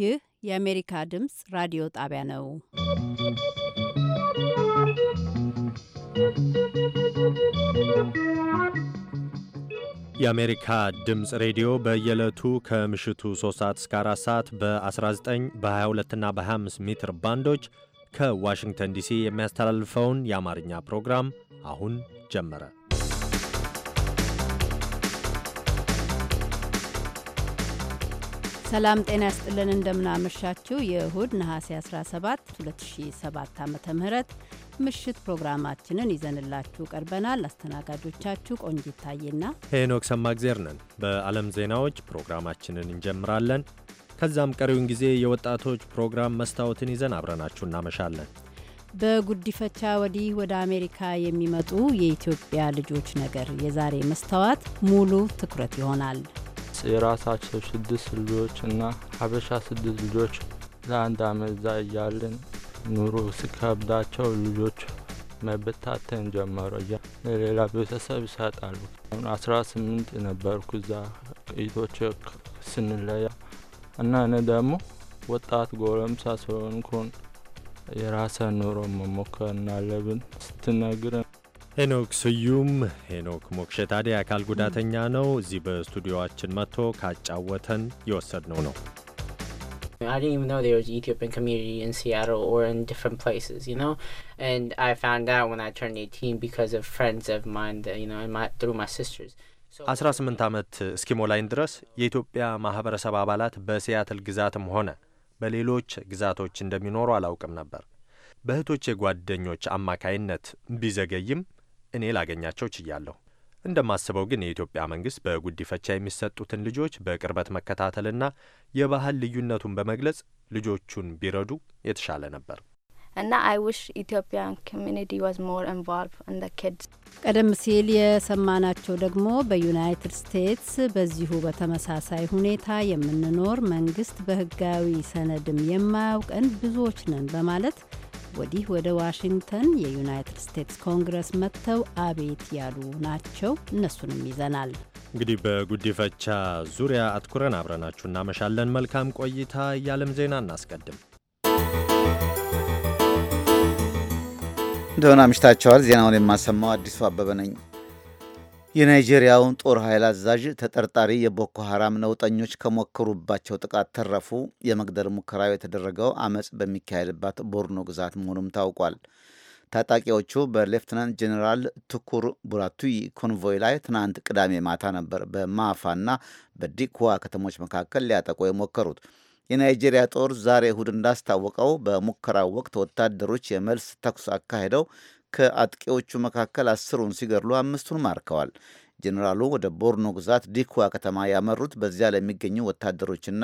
ይህ የአሜሪካ ድምፅ ራዲዮ ጣቢያ ነው። የአሜሪካ ድምፅ ሬዲዮ በየዕለቱ ከምሽቱ 3 ሰዓት እስከ 4 ሰዓት በ19 በ22ና በ25 ሜትር ባንዶች ከዋሽንግተን ዲሲ የሚያስተላልፈውን የአማርኛ ፕሮግራም አሁን ጀመረ። ሰላም ጤና ያስጥልን። እንደምናመሻችው የእሁድ ነሐሴ 17 2007 ዓ ም ምሽት ፕሮግራማችንን ይዘንላችሁ ቀርበናል። አስተናጋጆቻችሁ ቆንጂት ታዬና ሄኖክ ሰማግዜር ነን። በዓለም ዜናዎች ፕሮግራማችንን እንጀምራለን። ከዛም ቀሪውን ጊዜ የወጣቶች ፕሮግራም መስታወትን ይዘን አብረናችሁ እናመሻለን። በጉዲፈቻ ወዲህ ወደ አሜሪካ የሚመጡ የኢትዮጵያ ልጆች ነገር የዛሬ መስታወት ሙሉ ትኩረት ይሆናል። ግብፅ የራሳቸው ስድስት ልጆች እና ሀበሻ ስድስት ልጆች ለአንድ አመት ዛ እያለን ኑሮ ሲከብዳቸው ልጆች መበታተን ጀመረ። ለሌላ ቤተሰብ ይሰጣሉ። አስራ ስምንት ነበርኩ እዛ እህቶቼ ስንለያ እና እኔ ደግሞ ወጣት ጎረምሳ ስለሆንኩን የራሰ ኑሮ መሞከር እናለብን ስትነግረን ሄኖክ ስዩም ሄኖክ ሞክሼ ታዲያ አካል ጉዳተኛ ነው። እዚህ በስቱዲዮችን መጥቶ ካጫወተን የወሰድነው ነው። አስራ ስምንት ዓመት እስኪሞላኝ ድረስ የኢትዮጵያ ማኅበረሰብ አባላት በሲያትል ግዛትም ሆነ በሌሎች ግዛቶች እንደሚኖሩ አላውቅም ነበር። በእህቶች የጓደኞች አማካይነት ቢዘገይም እኔ ላገኛቸው ችያለሁ። እንደማስበው ግን የኢትዮጵያ መንግስት በጉዲፈቻ የሚሰጡትን ልጆች በቅርበት መከታተልና የባህል ልዩነቱን በመግለጽ ልጆቹን ቢረዱ የተሻለ ነበር እና አይ ዊሽ ኢትዮጵያን ኮሚኒቲ ዋዝ ሞር ኢንቮልቭ ኢን ዘ ኪድስ። ቀደም ሲል የሰማናቸው ደግሞ በዩናይትድ ስቴትስ በዚሁ በተመሳሳይ ሁኔታ የምንኖር መንግስት በህጋዊ ሰነድም የማያውቀን ብዙዎች ነን በማለት ወዲህ ወደ ዋሽንግተን የዩናይትድ ስቴትስ ኮንግረስ መጥተው አቤት ያሉ ናቸው። እነሱንም ይዘናል። እንግዲህ በጉዲፈቻ ዙሪያ አትኩረን አብረናችሁ እናመሻለን። መልካም ቆይታ። የዓለም ዜና እናስቀድም። እንደሆነ አምሽታቸዋል ዜናውን የማሰማው አዲሱ አበበ ነኝ። የናይጄሪያውን ጦር ኃይል አዛዥ ተጠርጣሪ የቦኮ ሐራም ነውጠኞች ከሞከሩባቸው ጥቃት ተረፉ። የመግደል ሙከራው የተደረገው አመፅ በሚካሄድባት ቦርኖ ግዛት መሆኑም ታውቋል። ታጣቂዎቹ በሌፍትናንት ጀኔራል ትኩር ቡራቱይ ኮንቮይ ላይ ትናንት ቅዳሜ ማታ ነበር በማፋና በዲኩዋ ከተሞች መካከል ሊያጠቁ የሞከሩት። የናይጄሪያ ጦር ዛሬ እሁድ እንዳስታወቀው በሙከራው ወቅት ወታደሮች የመልስ ተኩስ አካሄደው ከአጥቂዎቹ መካከል አስሩን ሲገድሉ አምስቱን ማርከዋል። ጀኔራሉ ወደ ቦርኖ ግዛት ዲኩዋ ከተማ ያመሩት በዚያ ለሚገኙ ወታደሮችና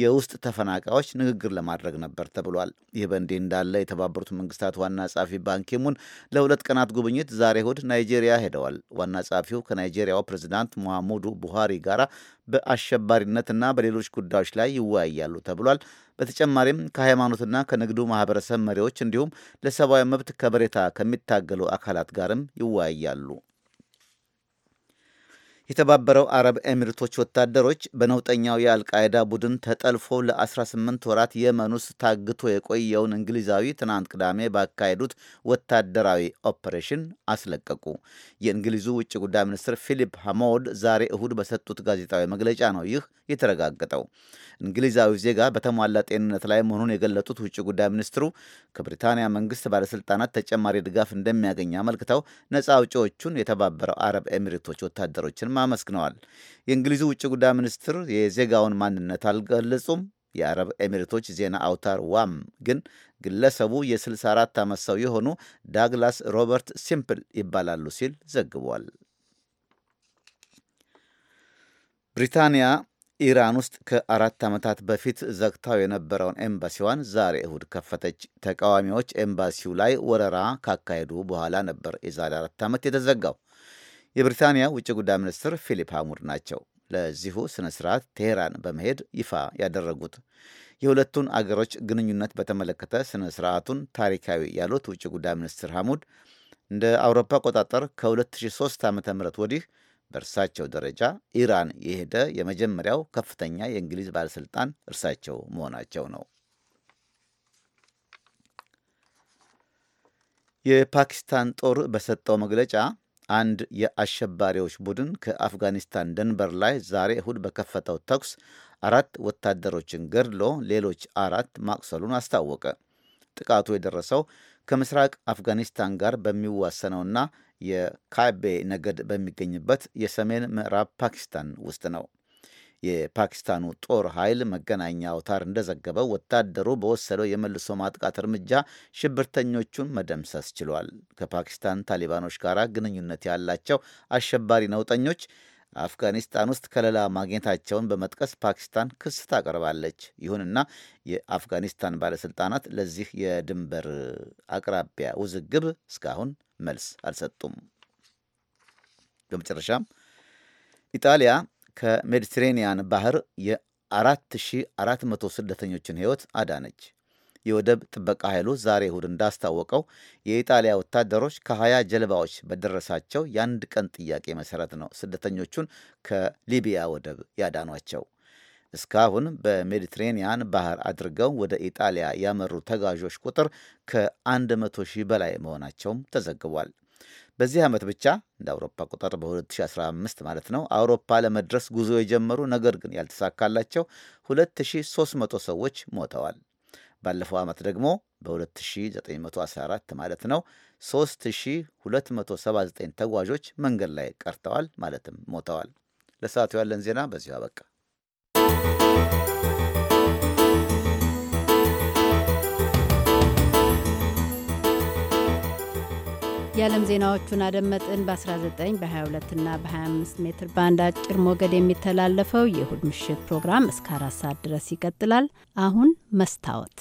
የውስጥ ተፈናቃዮች ንግግር ለማድረግ ነበር ተብሏል። ይህ በእንዲህ እንዳለ የተባበሩት መንግስታት ዋና ጸሐፊ ባንኪሙን ለሁለት ቀናት ጉብኝት ዛሬ እሁድ ናይጄሪያ ሄደዋል። ዋና ጸሐፊው ከናይጄሪያው ፕሬዚዳንት ሙሐሙዱ ቡሃሪ ጋር በአሸባሪነትና በሌሎች ጉዳዮች ላይ ይወያያሉ ተብሏል። በተጨማሪም ከሃይማኖትና ከንግዱ ማህበረሰብ መሪዎች እንዲሁም ለሰብአዊ መብት ከበሬታ ከሚታገሉ አካላት ጋርም ይወያያሉ። የተባበረው አረብ ኤሚሪቶች ወታደሮች በነውጠኛው የአልቃይዳ ቡድን ተጠልፎ ለ18 ወራት የመን ውስጥ ታግቶ የቆየውን እንግሊዛዊ ትናንት ቅዳሜ ባካሄዱት ወታደራዊ ኦፕሬሽን አስለቀቁ። የእንግሊዙ ውጭ ጉዳይ ሚኒስትር ፊሊፕ ሃሞድ ዛሬ እሁድ በሰጡት ጋዜጣዊ መግለጫ ነው ይህ የተረጋገጠው። እንግሊዛዊ ዜጋ በተሟላ ጤንነት ላይ መሆኑን የገለጡት ውጭ ጉዳይ ሚኒስትሩ ከብሪታንያ መንግስት ባለስልጣናት ተጨማሪ ድጋፍ እንደሚያገኝ አመልክተው ነፃ አውጪዎቹን የተባበረው አረብ ኤሚሪቶች ወታደሮችን አመስግነዋል። የእንግሊዙ ውጭ ጉዳይ ሚኒስትር የዜጋውን ማንነት አልገለጹም። የአረብ ኤሚሬቶች ዜና አውታር ዋም ግን ግለሰቡ የ64 ዓመት ሰው የሆኑ ዳግላስ ሮበርት ሲምፕል ይባላሉ ሲል ዘግቧል። ብሪታንያ ኢራን ውስጥ ከአራት ዓመታት በፊት ዘግታው የነበረውን ኤምባሲዋን ዛሬ እሁድ ከፈተች። ተቃዋሚዎች ኤምባሲው ላይ ወረራ ካካሄዱ በኋላ ነበር የዛሬ አራት ዓመት የተዘጋው። የብሪታንያ ውጭ ጉዳይ ሚኒስትር ፊሊፕ ሃሙር ናቸው ለዚሁ ስነ ስርዓት ቴሄራን በመሄድ ይፋ ያደረጉት። የሁለቱን አገሮች ግንኙነት በተመለከተ ስነ ስርዓቱን ታሪካዊ ያሉት ውጭ ጉዳይ ሚኒስትር ሐሙድ እንደ አውሮፓ አቆጣጠር ከ2003 ዓ ም ወዲህ በእርሳቸው ደረጃ ኢራን የሄደ የመጀመሪያው ከፍተኛ የእንግሊዝ ባለሥልጣን እርሳቸው መሆናቸው ነው። የፓኪስታን ጦር በሰጠው መግለጫ አንድ የአሸባሪዎች ቡድን ከአፍጋኒስታን ድንበር ላይ ዛሬ እሁድ በከፈተው ተኩስ አራት ወታደሮችን ገድሎ ሌሎች አራት ማቁሰሉን አስታወቀ። ጥቃቱ የደረሰው ከምስራቅ አፍጋኒስታን ጋር በሚዋሰነውና የካቤ ነገድ በሚገኝበት የሰሜን ምዕራብ ፓኪስታን ውስጥ ነው። የፓኪስታኑ ጦር ኃይል መገናኛ አውታር እንደዘገበው ወታደሩ በወሰደው የመልሶ ማጥቃት እርምጃ ሽብርተኞቹን መደምሰስ ችሏል። ከፓኪስታን ታሊባኖች ጋር ግንኙነት ያላቸው አሸባሪ ነውጠኞች አፍጋኒስታን ውስጥ ከለላ ማግኘታቸውን በመጥቀስ ፓኪስታን ክስ ታቀርባለች። ይሁንና የአፍጋኒስታን ባለስልጣናት ለዚህ የድንበር አቅራቢያ ውዝግብ እስካሁን መልስ አልሰጡም። በመጨረሻም ኢጣሊያ ከሜዲትሬንያን ባህር የ4400 ስደተኞችን ሕይወት አዳነች። የወደብ ጥበቃ ኃይሉ ዛሬ እሁድ እንዳስታወቀው የኢጣሊያ ወታደሮች ከ20 ጀልባዎች በደረሳቸው የአንድ ቀን ጥያቄ መሠረት ነው ስደተኞቹን ከሊቢያ ወደብ ያዳኗቸው። እስካሁን በሜዲትሬንያን ባህር አድርገው ወደ ኢጣሊያ ያመሩ ተጋዦች ቁጥር ከ መቶ ሺህ በላይ መሆናቸውም ተዘግቧል። በዚህ ዓመት ብቻ እንደ አውሮፓ ቁጥር በ2015 ማለት ነው አውሮፓ ለመድረስ ጉዞ የጀመሩ ነገር ግን ያልተሳካላቸው 2300 ሰዎች ሞተዋል። ባለፈው ዓመት ደግሞ በ2914 ማለት ነው 3279 ተጓዦች መንገድ ላይ ቀርተዋል ማለትም ሞተዋል። ለሰዓቱ ያለን ዜና በዚሁ አበቃ። የዓለም ዜናዎቹን አደመጥን። በ19 በ22 እና በ25 ሜትር ባንድ አጭር ሞገድ የሚተላለፈው የእሁድ ምሽት ፕሮግራም እስከ አራት ሰዓት ድረስ ይቀጥላል። አሁን መስታወት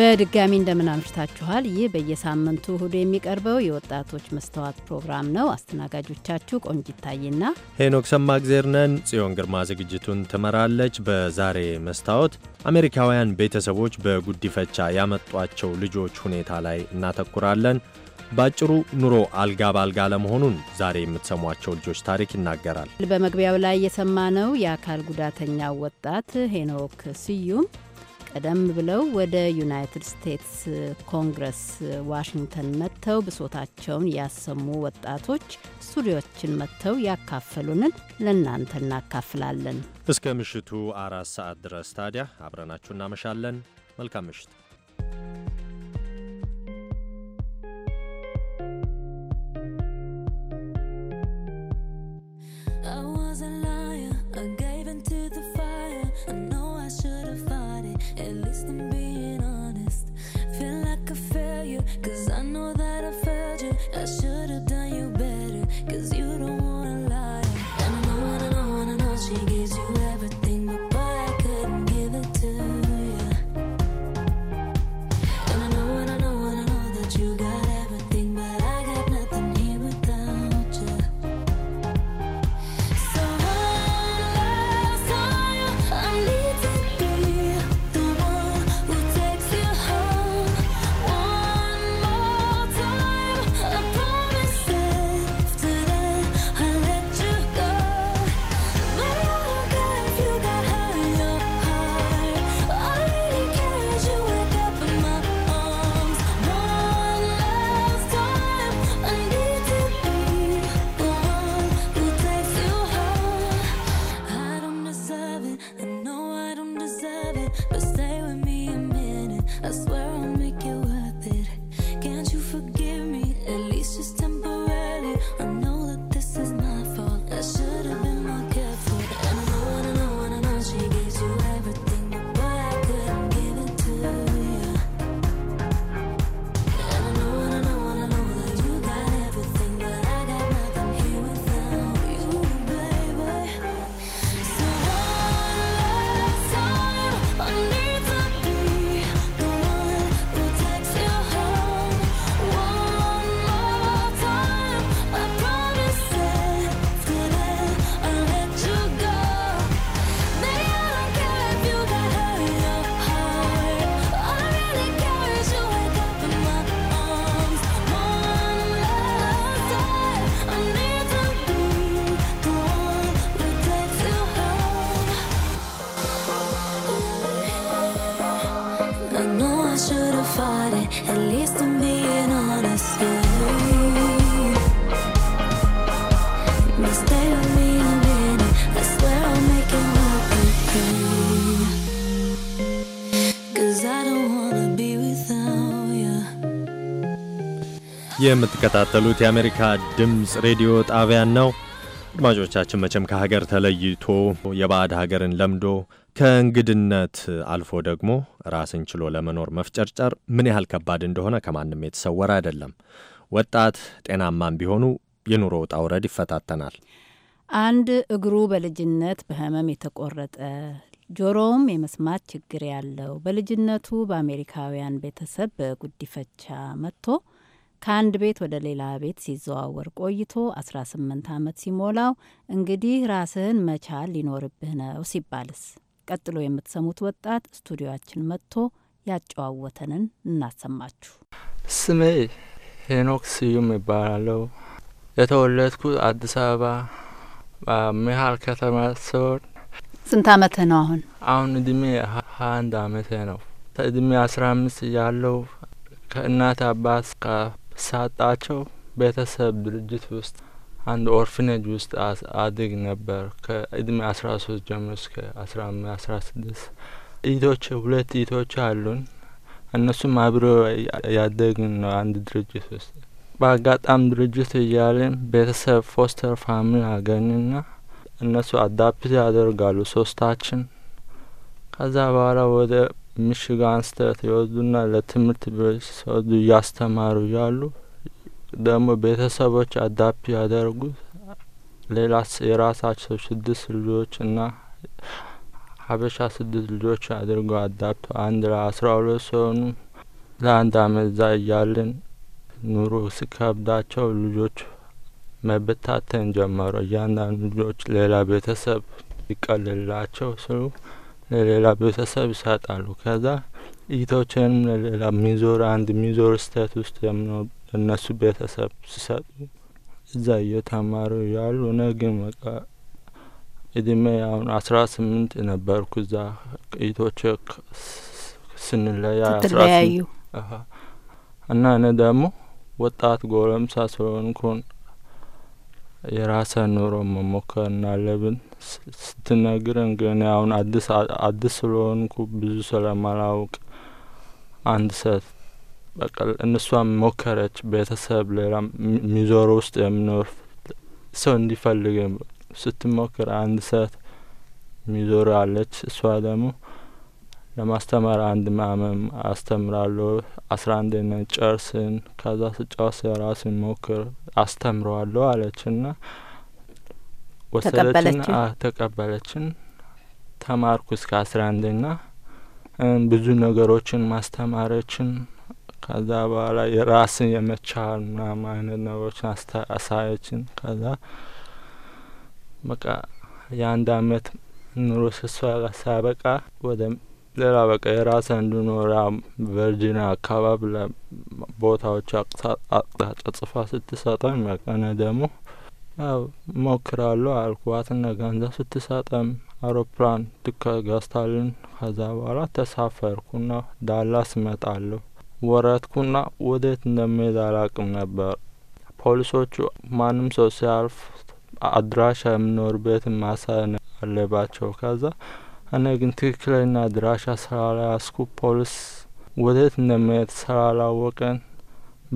በድጋሚ አምሽታችኋል። ይህ በየሳምንቱ እሁድ የሚቀርበው የወጣቶች መስተዋት ፕሮግራም ነው። አስተናጋጆቻችሁ ቆንጅ ይታይና ሄኖክ ሰማግዜር ነን። ጽዮን ግርማ ዝግጅቱን ትመራለች። በዛሬ መስታወት አሜሪካውያን ቤተሰቦች በጉዲፈቻ ያመጧቸው ልጆች ሁኔታ ላይ እናተኩራለን። ባጭሩ ኑሮ አልጋ ባልጋ ለመሆኑን ዛሬ የምትሰሟቸው ልጆች ታሪክ ይናገራል። በመግቢያው ላይ የሰማነው የአካል ጉዳተኛ ወጣት ሄኖክ ስዩም ቀደም ብለው ወደ ዩናይትድ ስቴትስ ኮንግረስ ዋሽንግተን መጥተው ብሶታቸውን ያሰሙ ወጣቶች ስቱዲዮችን መጥተው ያካፈሉንን ለእናንተ እናካፍላለን። እስከ ምሽቱ አራት ሰዓት ድረስ ታዲያ አብረናችሁ እናመሻለን። መልካም ምሽት። I was a liar again. At least I'm being honest. Feel like a failure, cause I know that I failed you. I should have done you better, cause you don't wanna lie. And I know, and I know, and I know she gives. የምትከታተሉት የአሜሪካ ድምፅ ሬዲዮ ጣቢያን ነው። አድማጮቻችን መቼም ከሀገር ተለይቶ የባዕድ ሀገርን ለምዶ ከእንግድነት አልፎ ደግሞ ራስን ችሎ ለመኖር መፍጨርጨር ምን ያህል ከባድ እንደሆነ ከማንም የተሰወረ አይደለም። ወጣት ጤናማም ቢሆኑ የኑሮ ውጣ ውረድ ይፈታተናል። አንድ እግሩ በልጅነት በህመም የተቆረጠ ጆሮውም የመስማት ችግር ያለው በልጅነቱ በአሜሪካውያን ቤተሰብ በጉዲፈቻ መጥቶ ከአንድ ቤት ወደ ሌላ ቤት ሲዘዋወር ቆይቶ 18 ዓመት ሲሞላው እንግዲህ ራስህን መቻል ሊኖርብህ ነው ሲባልስ? ቀጥሎ የምትሰሙት ወጣት ስቱዲዮችን መጥቶ ያጨዋወተንን እናሰማችሁ። ስሜ ሄኖክ ስዩም ይባላለሁ። የተወለድኩት አዲስ አበባ በሚሀል ከተማ ሲሆን ስንት አመት ነው አሁን? አሁን እድሜ ሀያ አንድ ነው። እድሜ አስራ አምስት እያለሁ ከእናት አባት ሳጣቸው ቤተሰብ ድርጅት ውስጥ አንድ ኦርፍኔጅ ውስጥ አድግ ነበር። ከእድሜ አስራ ሶስት ጀምሮ እስከ አስራ አስራ ስድስት ኢቶች ሁለት ኢቶች አሉን። እነሱም አብሮ ያደግን ነው አንድ ድርጅት ውስጥ። በአጋጣሚ ድርጅት እያለን ቤተሰብ ፎስተር ፋሚሊ አገኝና እነሱ አዳፕት ያደርጋሉ ሶስታችን። ከዛ በኋላ ወደ ሚሽጋን ስተት የወዱና ለትምህርት በሰዱ እያስተማሩ እያሉ ደግሞ ቤተሰቦች አዳፕ ያደርጉት ሌላ የራሳቸው ስድስት ልጆች እና ሀበሻ ስድስት ልጆች አድርጎ አዳፕቶ አንድ አስራ ሁለት ሲሆኑ ለአንድ አመት እዛ እያልን ኑሮ ስከብዳቸው ልጆች መበታተን ጀመሩ። እያንዳንዱ ልጆች ሌላ ቤተሰብ ይቀልላቸው ስሉ ለሌላ ቤተሰብ ይሰጣሉ። ከዛ እይታዎችንም ለሌላ ሚዞር አንድ ሚዞር ስቴት ውስጥ ለእነሱ ቤተሰብ ሲሰጡ እዛ እየተማሩ ያሉ እኔ ግን በቃ እድሜ አሁን አስራ ስምንት ነበርኩ። እዛ እይቶች ስንለያ ስራ እና እኔ ደግሞ ወጣት ጎረምሳ ስለሆንኩን የራስህን ኑሮ መሞከር እናለብን ስትነግረን ግን አሁን አዲስ አዲስ ስለሆንኩ ብዙ ስለማላውቅ አንድ ሰት በቃ እነሷም ሞከረች። ቤተሰብ ሌላ ሚዞሮ ውስጥ የምኖር ሰው እንዲፈልግ ስትሞክር አንድ ሰት ሚዞሮ አለች። እሷ ደግሞ ለማስተማር አንድ ማመም አስተምራለሁ አስራ አንደኛ ጨርስን ከዛ ስጫዋስ የራስን ሞክር አስተምረዋለሁ አለችና ወሰደችን ተቀበለችን። ተማርኩ እስከ አስራ አንደኛ ብዙ ነገሮችን ማስተማረችን ከዛ በኋላ የራስን የመቻል ምናምን አይነት ነገሮችን አሳየችን። ከዛ በቃ የአንድ አመት ኑሮ ስሷ ሳበቃ ወደ ሌላ በቃ የራሰ እንድኖሪያ ቨርጂኒያ አካባቢ ለቦታዎች አቅጣጫ ጽፋ ስትሰጠኝ በቀን ደግሞ ሞክራለሁ አልኳትና ገንዘብ ስትሰጠም አውሮፕላን ትከጋስታልን ከዛ በኋላ ተሳፈርኩና ዳላስ መጣለሁ። ወረትኩና ወዴት እንደሚሄድ አላቅም ነበር። ፖሊሶቹ ማንም ሰው ሲያልፍ አድራሻ የምኖር ቤት ማሳየት አለባቸው። ከዛ እኔ ግን ትክክለኛ አድራሻ ስላልያዝኩ ፖሊስ ወዴት እንደሚሄድ ስላላወቀን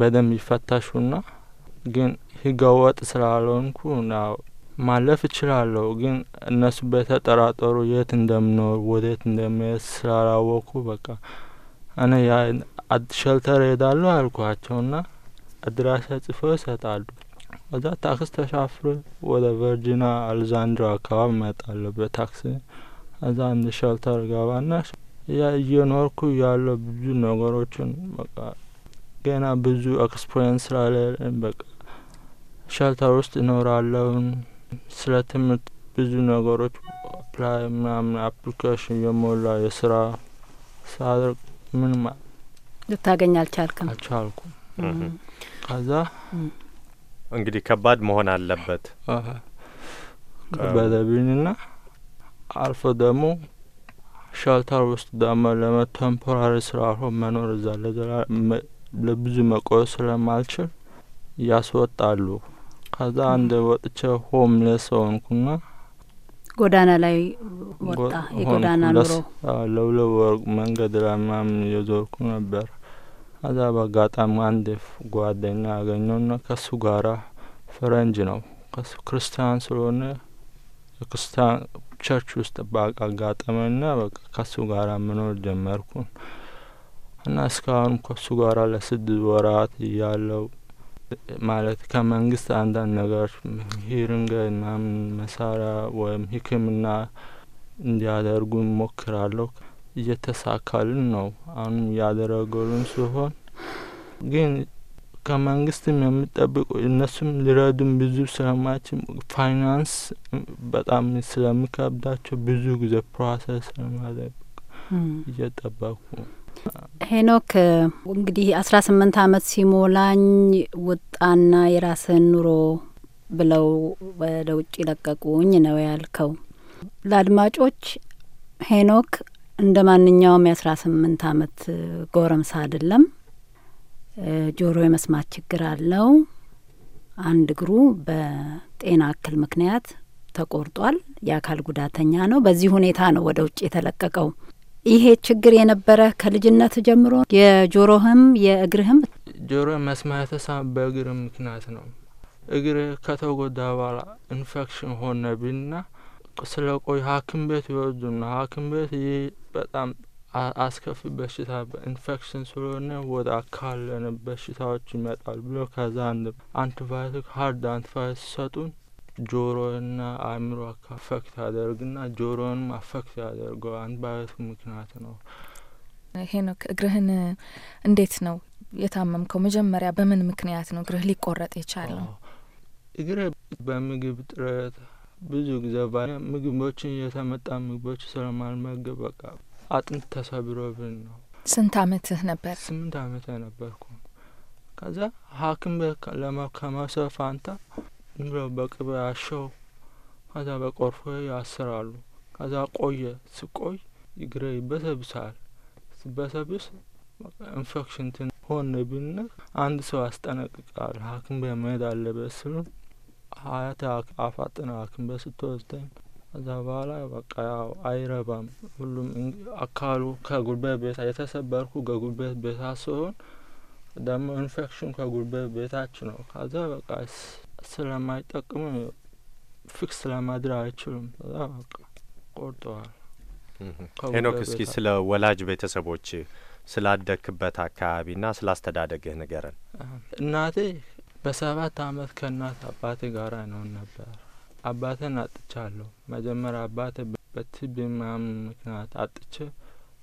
በደንብ ይፈተሹና ግን ህገወጥ ስላልሆንኩ ነው ማለፍ እችላለሁ። ግን እነሱ በተጠራጠሩ የት እንደምኖር ወዴት እንደሚሄድ ስላላወቁ በቃ እኔ ሸልተር ሄዳለሁ አልኳቸውና አድራሻ ጽፎ ይሰጣሉ። ወዛ ታክስ ተሻፍሮ ወደ ቨርጂና አሌዛንድሮ አካባቢ መጣለሁ በታክሲ ከዛ አንድ ሸልተር ገባና እየኖርኩ ያለው ብዙ ነገሮችን በቃ ገና ብዙ ኤክስፔሪንስ ስላለኝ በቃ ሸልተር ውስጥ እኖራለውን ስለ ትምህርት ብዙ ነገሮች አፕላይ ምናምን አፕሊኬሽን የሞላ የስራ ሳድርግ ምንም ልታገኝ አልቻልክም አልቻልኩም። ከዛ እንግዲህ ከባድ መሆን አለበት በደብንና አልፎ ደግሞ ሸልተር ውስጥ ደግሞ ለመተምፖራሪ ስላሆን መኖር እዛ ለብዙ መቆየት ስለማልችል ያስወጣሉ። ከዛ አንድ ወጥቼ ሆምሌስ ሆንኩና ጎዳና ላይ ወጣ። የጎዳና ኑሮ ለሁለት ወር መንገድ ላይ ምናምን የዞርኩ ነበር። ከዛ በአጋጣሚ አንድ ጓደኛ ያገኘውና ከሱ ጋራ ፈረንጅ ነው ከሱ ክርስቲያን ስለሆነ ክርስቲያን ቸርች ውስጥ አጋጠመና በቃ ከሱ ጋራ መኖር ጀመርኩ እና እስካሁን ከሱ ጋራ ለስድስት ወራት እያለው ማለት ከመንግስት አንዳንድ ነገሮች ሂርንገ ምናምን መሳሪያ ወይም ሕክምና እንዲያደርጉ ሞክራለሁ። እየተሳካልን ነው። አሁንም እያደረገሉን ሲሆን ግን ከመንግስትም የሚጠብቁ እነሱም ሊረዱም ብዙ ስለማችም ፋይናንስ በጣም ስለሚከብዳቸው ብዙ ጊዜ ፕሮሰስ ስለማደርግ እየጠበቁ ሄኖክ እንግዲህ አስራ ስምንት አመት ሲሞላኝ ወጣና የራስህን ኑሮ ብለው ወደ ውጭ ለቀቁኝ ነው ያልከው። ለአድማጮች ሄኖክ እንደ ማንኛውም የአስራ ስምንት አመት ጎረምሳ አይደለም። ጆሮ የመስማት ችግር አለው። አንድ እግሩ በጤና እክል ምክንያት ተቆርጧል። የአካል ጉዳተኛ ነው። በዚህ ሁኔታ ነው ወደ ውጭ የተለቀቀው። ይሄ ችግር የነበረ ከልጅነት ጀምሮ የጆሮህም የእግርህም ጆሮ መስማት በእግር ምክንያት ነው። እግር ከተጎዳ በኋላ ኢንፌክሽን ሆነብኝና ስለቆይ ሐኪም ቤት ይወዱና ሐኪም ቤት ይህ በጣም አስከፊ በሽታ ኢንፌክሽን ስለሆነ ወደ አካል በሽታዎች ይመጣል ብሎ ከዛ አንድ አንቲባዮቲክ ሀርድ አንቲባዮቲክ ሲሰጡን ጆሮና አእምሮ አፌክት ያደርግና ጆሮንም አፈክት ያደርገው አንቲባዮቲክ ምክንያት ነው። ሄኖክ እግርህን እንዴት ነው የታመምከው? መጀመሪያ በምን ምክንያት ነው እግርህ ሊቆረጥ የቻለው? እግሬ በምግብ ጥረት ብዙ ጊዜ ምግቦችን የተመጣ ምግቦች ስለማልመገብ በቃ አጥንት ተሰብሮብን ነው። ስንት አመትህ ነበር? ስምንት አመት ነበርኩ። ከዛ ሐኪም ከመውሰድ ፋንታ ብሎ በቅቤ አሸው፣ ከዛ በቆርፎ ያስራሉ። ከዛ ቆየ ስቆይ እግሬ ይበሰብሳል። ስበሰብስ ኢንፌክሽን ትን ሆን ብነት አንድ ሰው ያስጠነቅቃል። ሐኪም በመሄድ መሄድ አለበት ስሉ ሀያት አፋጥና ሐኪም ቤት ከዛ በኋላ በቃ ያው አይረባም። ሁሉም አካሉ ከጉልበት ቤታ የተሰበርኩ ከጉበት ቤታ ሲሆን ደግሞ ኢንፌክሽን ከጉልበት ቤታች ነው። ከዛ በቃ ስለማይጠቅም ፊክስ ለማድረግ አይችሉም። ከዛ በቃ ቆርጠዋል። ሄኖክ እስኪ ስለ ወላጅ ቤተሰቦች ስላደክበት ና ስላስተዳደግህ ንገረን። እናቴ በሰባት አመት ከእናት አባቴ ጋር ነው ነበር አባትን አጥቻለሁ። መጀመሪያ አባት በቲቢ ምክንያት አጥቼ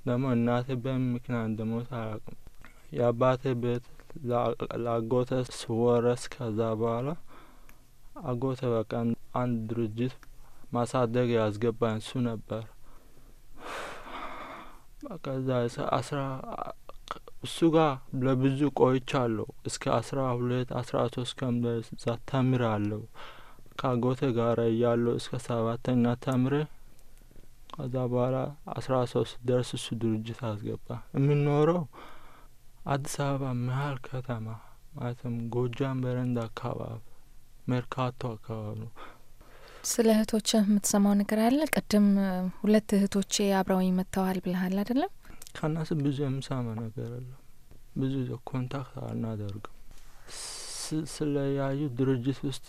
ደግሞ እናት በም ምክንያት እንደሞት አላውቅም። የአባቴ ቤት ለአጎተ ስወረስ ከዛ በኋላ አጎተ በቃ አንድ ድርጅት ማሳደግ ያስገባኝ እሱ ነበር። ከዛ አስራ እሱ ጋር ለብዙ ቆይቻለሁ። እስከ አስራ ሁለት አስራ ሶስት ተምር ተምራለሁ። ካጐትህ ጋር እያለው እስከ ሰባተኛ ተምሬ ከዛ በኋላ አስራ ሶስት ደርስ እሱ ድርጅት አስገባ። የሚኖረው አዲስ አበባ መሀል ከተማ ማለትም ጎጃም በረንዳ አካባቢ መርካቶ አካባቢ ነው። ስለ እህቶች የምትሰማው ነገር አለ? ቅድም ሁለት እህቶቼ አብረውኝ መጥተዋል ብልሃል አይደለም? ከእነሱ ብዙ የምሰማ ነገር የለም። ብዙ ኮንታክት አናደርግም። ስለያዩ ድርጅት ውስጥ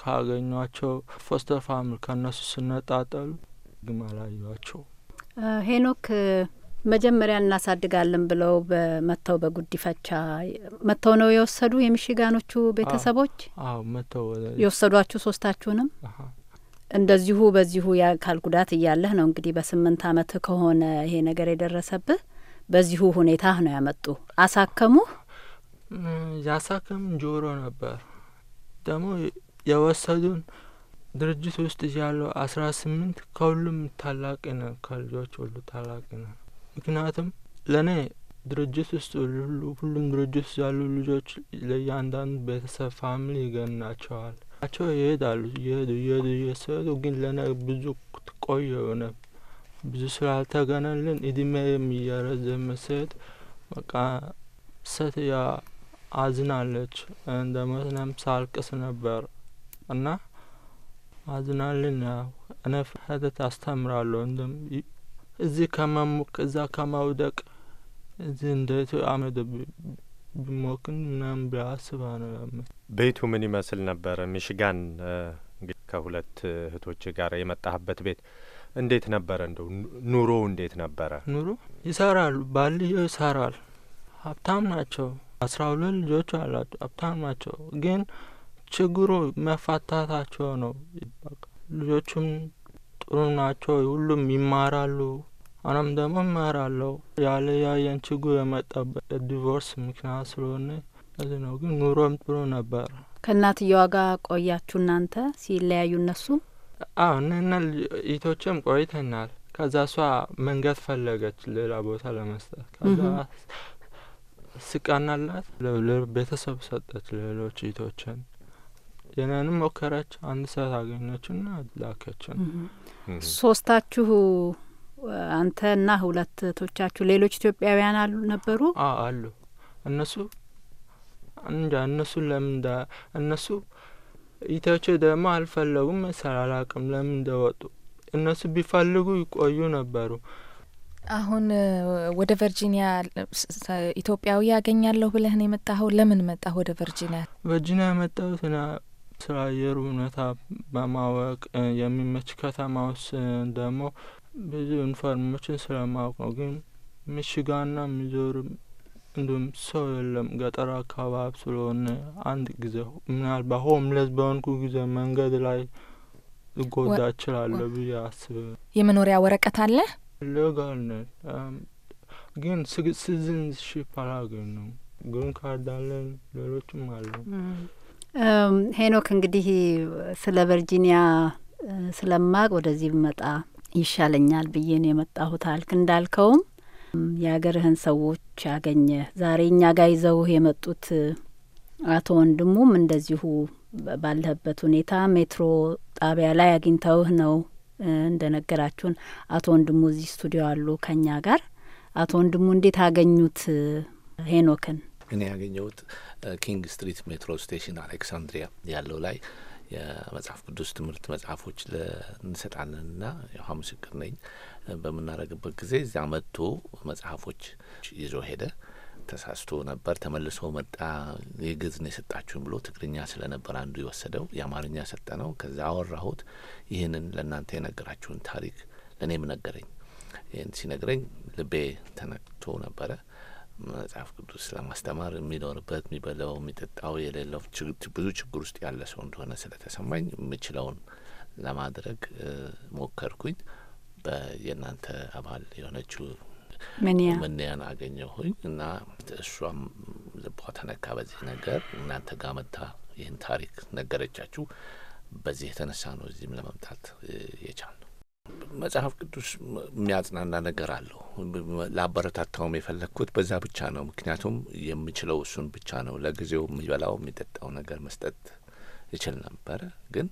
ካገኟቸው ፎስተር ፋሚሊ ከእነሱ ስነጣጠሉ ግም አላዩቸው። ሄኖክ መጀመሪያ እናሳድጋለን ብለው በመጥተው በጉዲፈቻ መጥተው ነው የወሰዱ የሚሽጋኖቹ ቤተሰቦች መጥተው የወሰዷችሁ ሶስታችሁንም እንደዚሁ በዚሁ የአካል ጉዳት እያለህ ነው እንግዲህ በስምንት አመት ከሆነ ይሄ ነገር የደረሰብህ በዚሁ ሁኔታ ነው ያመጡ አሳከሙህ። ያሳከም ጆሮ ነበር ደግሞ የወሰዱን ድርጅት ውስጥ ያለው አስራ ስምንት ከሁሉም ታላቅ ነን ከልጆች ሁሉ ታላቅ ነን ምክንያቱም ለእኔ ድርጅት ውስጥ ሁሉም ድርጅት ውስጥ ያሉ ልጆች ለእያንዳንዱ ቤተሰብ ፋሚሊ ይገናቸዋል ቸው ይሄዳሉ ይሄዱ ይሄዱ እየሰሩ ግን ለእኔ ብዙ ቆየ ሆነ ብዙ ስላልተገነልን እድሜ የሚያረዘመ ሴት በቃ ሴት ያ አዝናለች እንደ መስለም ሳልቅስ ነበር እና አዝናልን እነ ፍህተት አስተምራለሁ እንደም እዚህ ከመሞቅ እዛ ከመውደቅ እዚህ እንደ አመድ ቢሞክን ምናምን ብላ ነው ያመ ቤቱ ምን ይመስል ነበረ? ሚሽጋን ከሁለት እህቶች ጋር የመጣህበት ቤት እንዴት ነበረ? እንደው ኑሮ እንዴት ነበረ? ኑሮ ይሰራሉ። ባልየው ይሰራል። ሀብታም ናቸው። አስራ ሁለት ልጆች አላቸው። ሀብታም ናቸው ግን ችግሩ መፋታታቸው ነው። ልጆቹም ጥሩ ናቸው፣ ሁሉም ይማራሉ። አናም ደግሞ እማራለሁ ያለ ያየን ችግር የመጣበት ዲቮርስ ምክንያት ስለሆነ እዚህ ነው። ግን ኑሮም ጥሩ ነበር። ከእናትየዋ ጋር ቆያችሁ እናንተ ሲለያዩ እነሱ? አዎ እነና ኢቶችም ቆይተናል። ከዛ እሷ መንገድ ፈለገች ሌላ ቦታ ለመስጠት ከዛ ስቃናላት ቤተሰብ ሰጠች ሌሎች ኢቶችን የኔንም ሞከረች። አንድ ሰዓት አገኘችና ላከችን። ሶስታችሁ አንተ እና ሁለት እህቶቻችሁ ሌሎች ኢትዮጵያውያን አሉ ነበሩ? አሉ እነሱ እንጃ እነሱ ለምን እንደ እነሱ ኢቶች ደግሞ አልፈለጉም ሰላላቅም ለምን እንደወጡ እነሱ ቢፈልጉ ይቆዩ ነበሩ። አሁን ወደ ቨርጂኒያ ኢትዮጵያዊ ያገኛለሁ ብለህ ነው የመጣኸው? ለምን መጣህ ወደ ቨርጂኒያ? ቨርጂኒያ የመጣሁት ስራ አየር ሁኔታ በማወቅ የሚመች ከተማ ውስጥ ደግሞ ብዙ ኢንፎርሜሽን ስለማወቅ ነው። ግን ሚሽጋንና ሚዞሪ እንዲሁም ሰው የለም ገጠር አካባቢ ስለሆነ አንድ ጊዜ ምናልባት ሆምለስ በሆንኩ ጊዜ መንገድ ላይ ልጎዳ እችላለሁ ብዬ አስብ። የመኖሪያ ወረቀት አለ ሌጋል ነን ግን ሲቲዝንሺፕ አላገኘሁም። ግሪን ካርድ አለን፣ ሌሎችም አሉ። ሄኖክ እንግዲህ ስለ ቨርጂኒያ ስለማቅ ወደዚህ ብመጣ ይሻለኛል ነው የመጣሁት አልክ። እንዳልከውም የሀገርህን ሰዎች ያገኘ ዛሬ እኛ ጋር ይዘውህ የመጡት አቶ ወንድሙም እንደዚሁ ባለህበት ሁኔታ ሜትሮ ጣቢያ ላይ አግኝተውህ ነው እንደ ነገራችሁን። አቶ ወንድሙ እዚህ ስቱዲዮ አሉ ከኛ ጋር። አቶ ወንድሙ እንዴት አገኙት ሄኖክን? እኔ ያገኘሁት ኪንግ ስትሪት ሜትሮ ስቴሽን አሌክሳንድሪያ ያለው ላይ የመጽሐፍ ቅዱስ ትምህርት መጽሐፎች እንሰጣለንና የውሃ ምስክር ነኝ በምናደርግበት ጊዜ እዚያ መጥቶ መጽሐፎች ይዞ ሄደ። ተሳስቶ ነበር፣ ተመልሶ መጣ። የግዕዝ ነው የሰጣችሁን ብሎ ትግርኛ ስለነበር አንዱ የወሰደው የአማርኛ ሰጠ ነው። ከዛ አወራሁት። ይህንን ለእናንተ የነገራችሁን ታሪክ ለእኔም ነገረኝ። ይህን ሲነግረኝ ልቤ ተነክቶ ነበረ። መጽሐፍ ቅዱስ ለማስተማር የሚኖርበት የሚበላው የሚጠጣው የሌለው ብዙ ችግር ውስጥ ያለ ሰው እንደሆነ ስለተሰማኝ የምችለውን ለማድረግ ሞከርኩኝ። የእናንተ አባል የሆነችው ምንያን አገኘሁኝ እና እሷም ልቧ ተነካ በዚህ ነገር። እናንተ ጋር መታ ይህን ታሪክ ነገረቻችሁ። በዚህ የተነሳ ነው እዚህም ለመምጣት የቻል መጽሐፍ ቅዱስ የሚያጽናና ነገር አለው። ላበረታታውም የፈለግኩት በዛ ብቻ ነው። ምክንያቱም የምችለው እሱን ብቻ ነው። ለጊዜው የሚበላው የሚጠጣው ነገር መስጠት ይችል ነበረ፣ ግን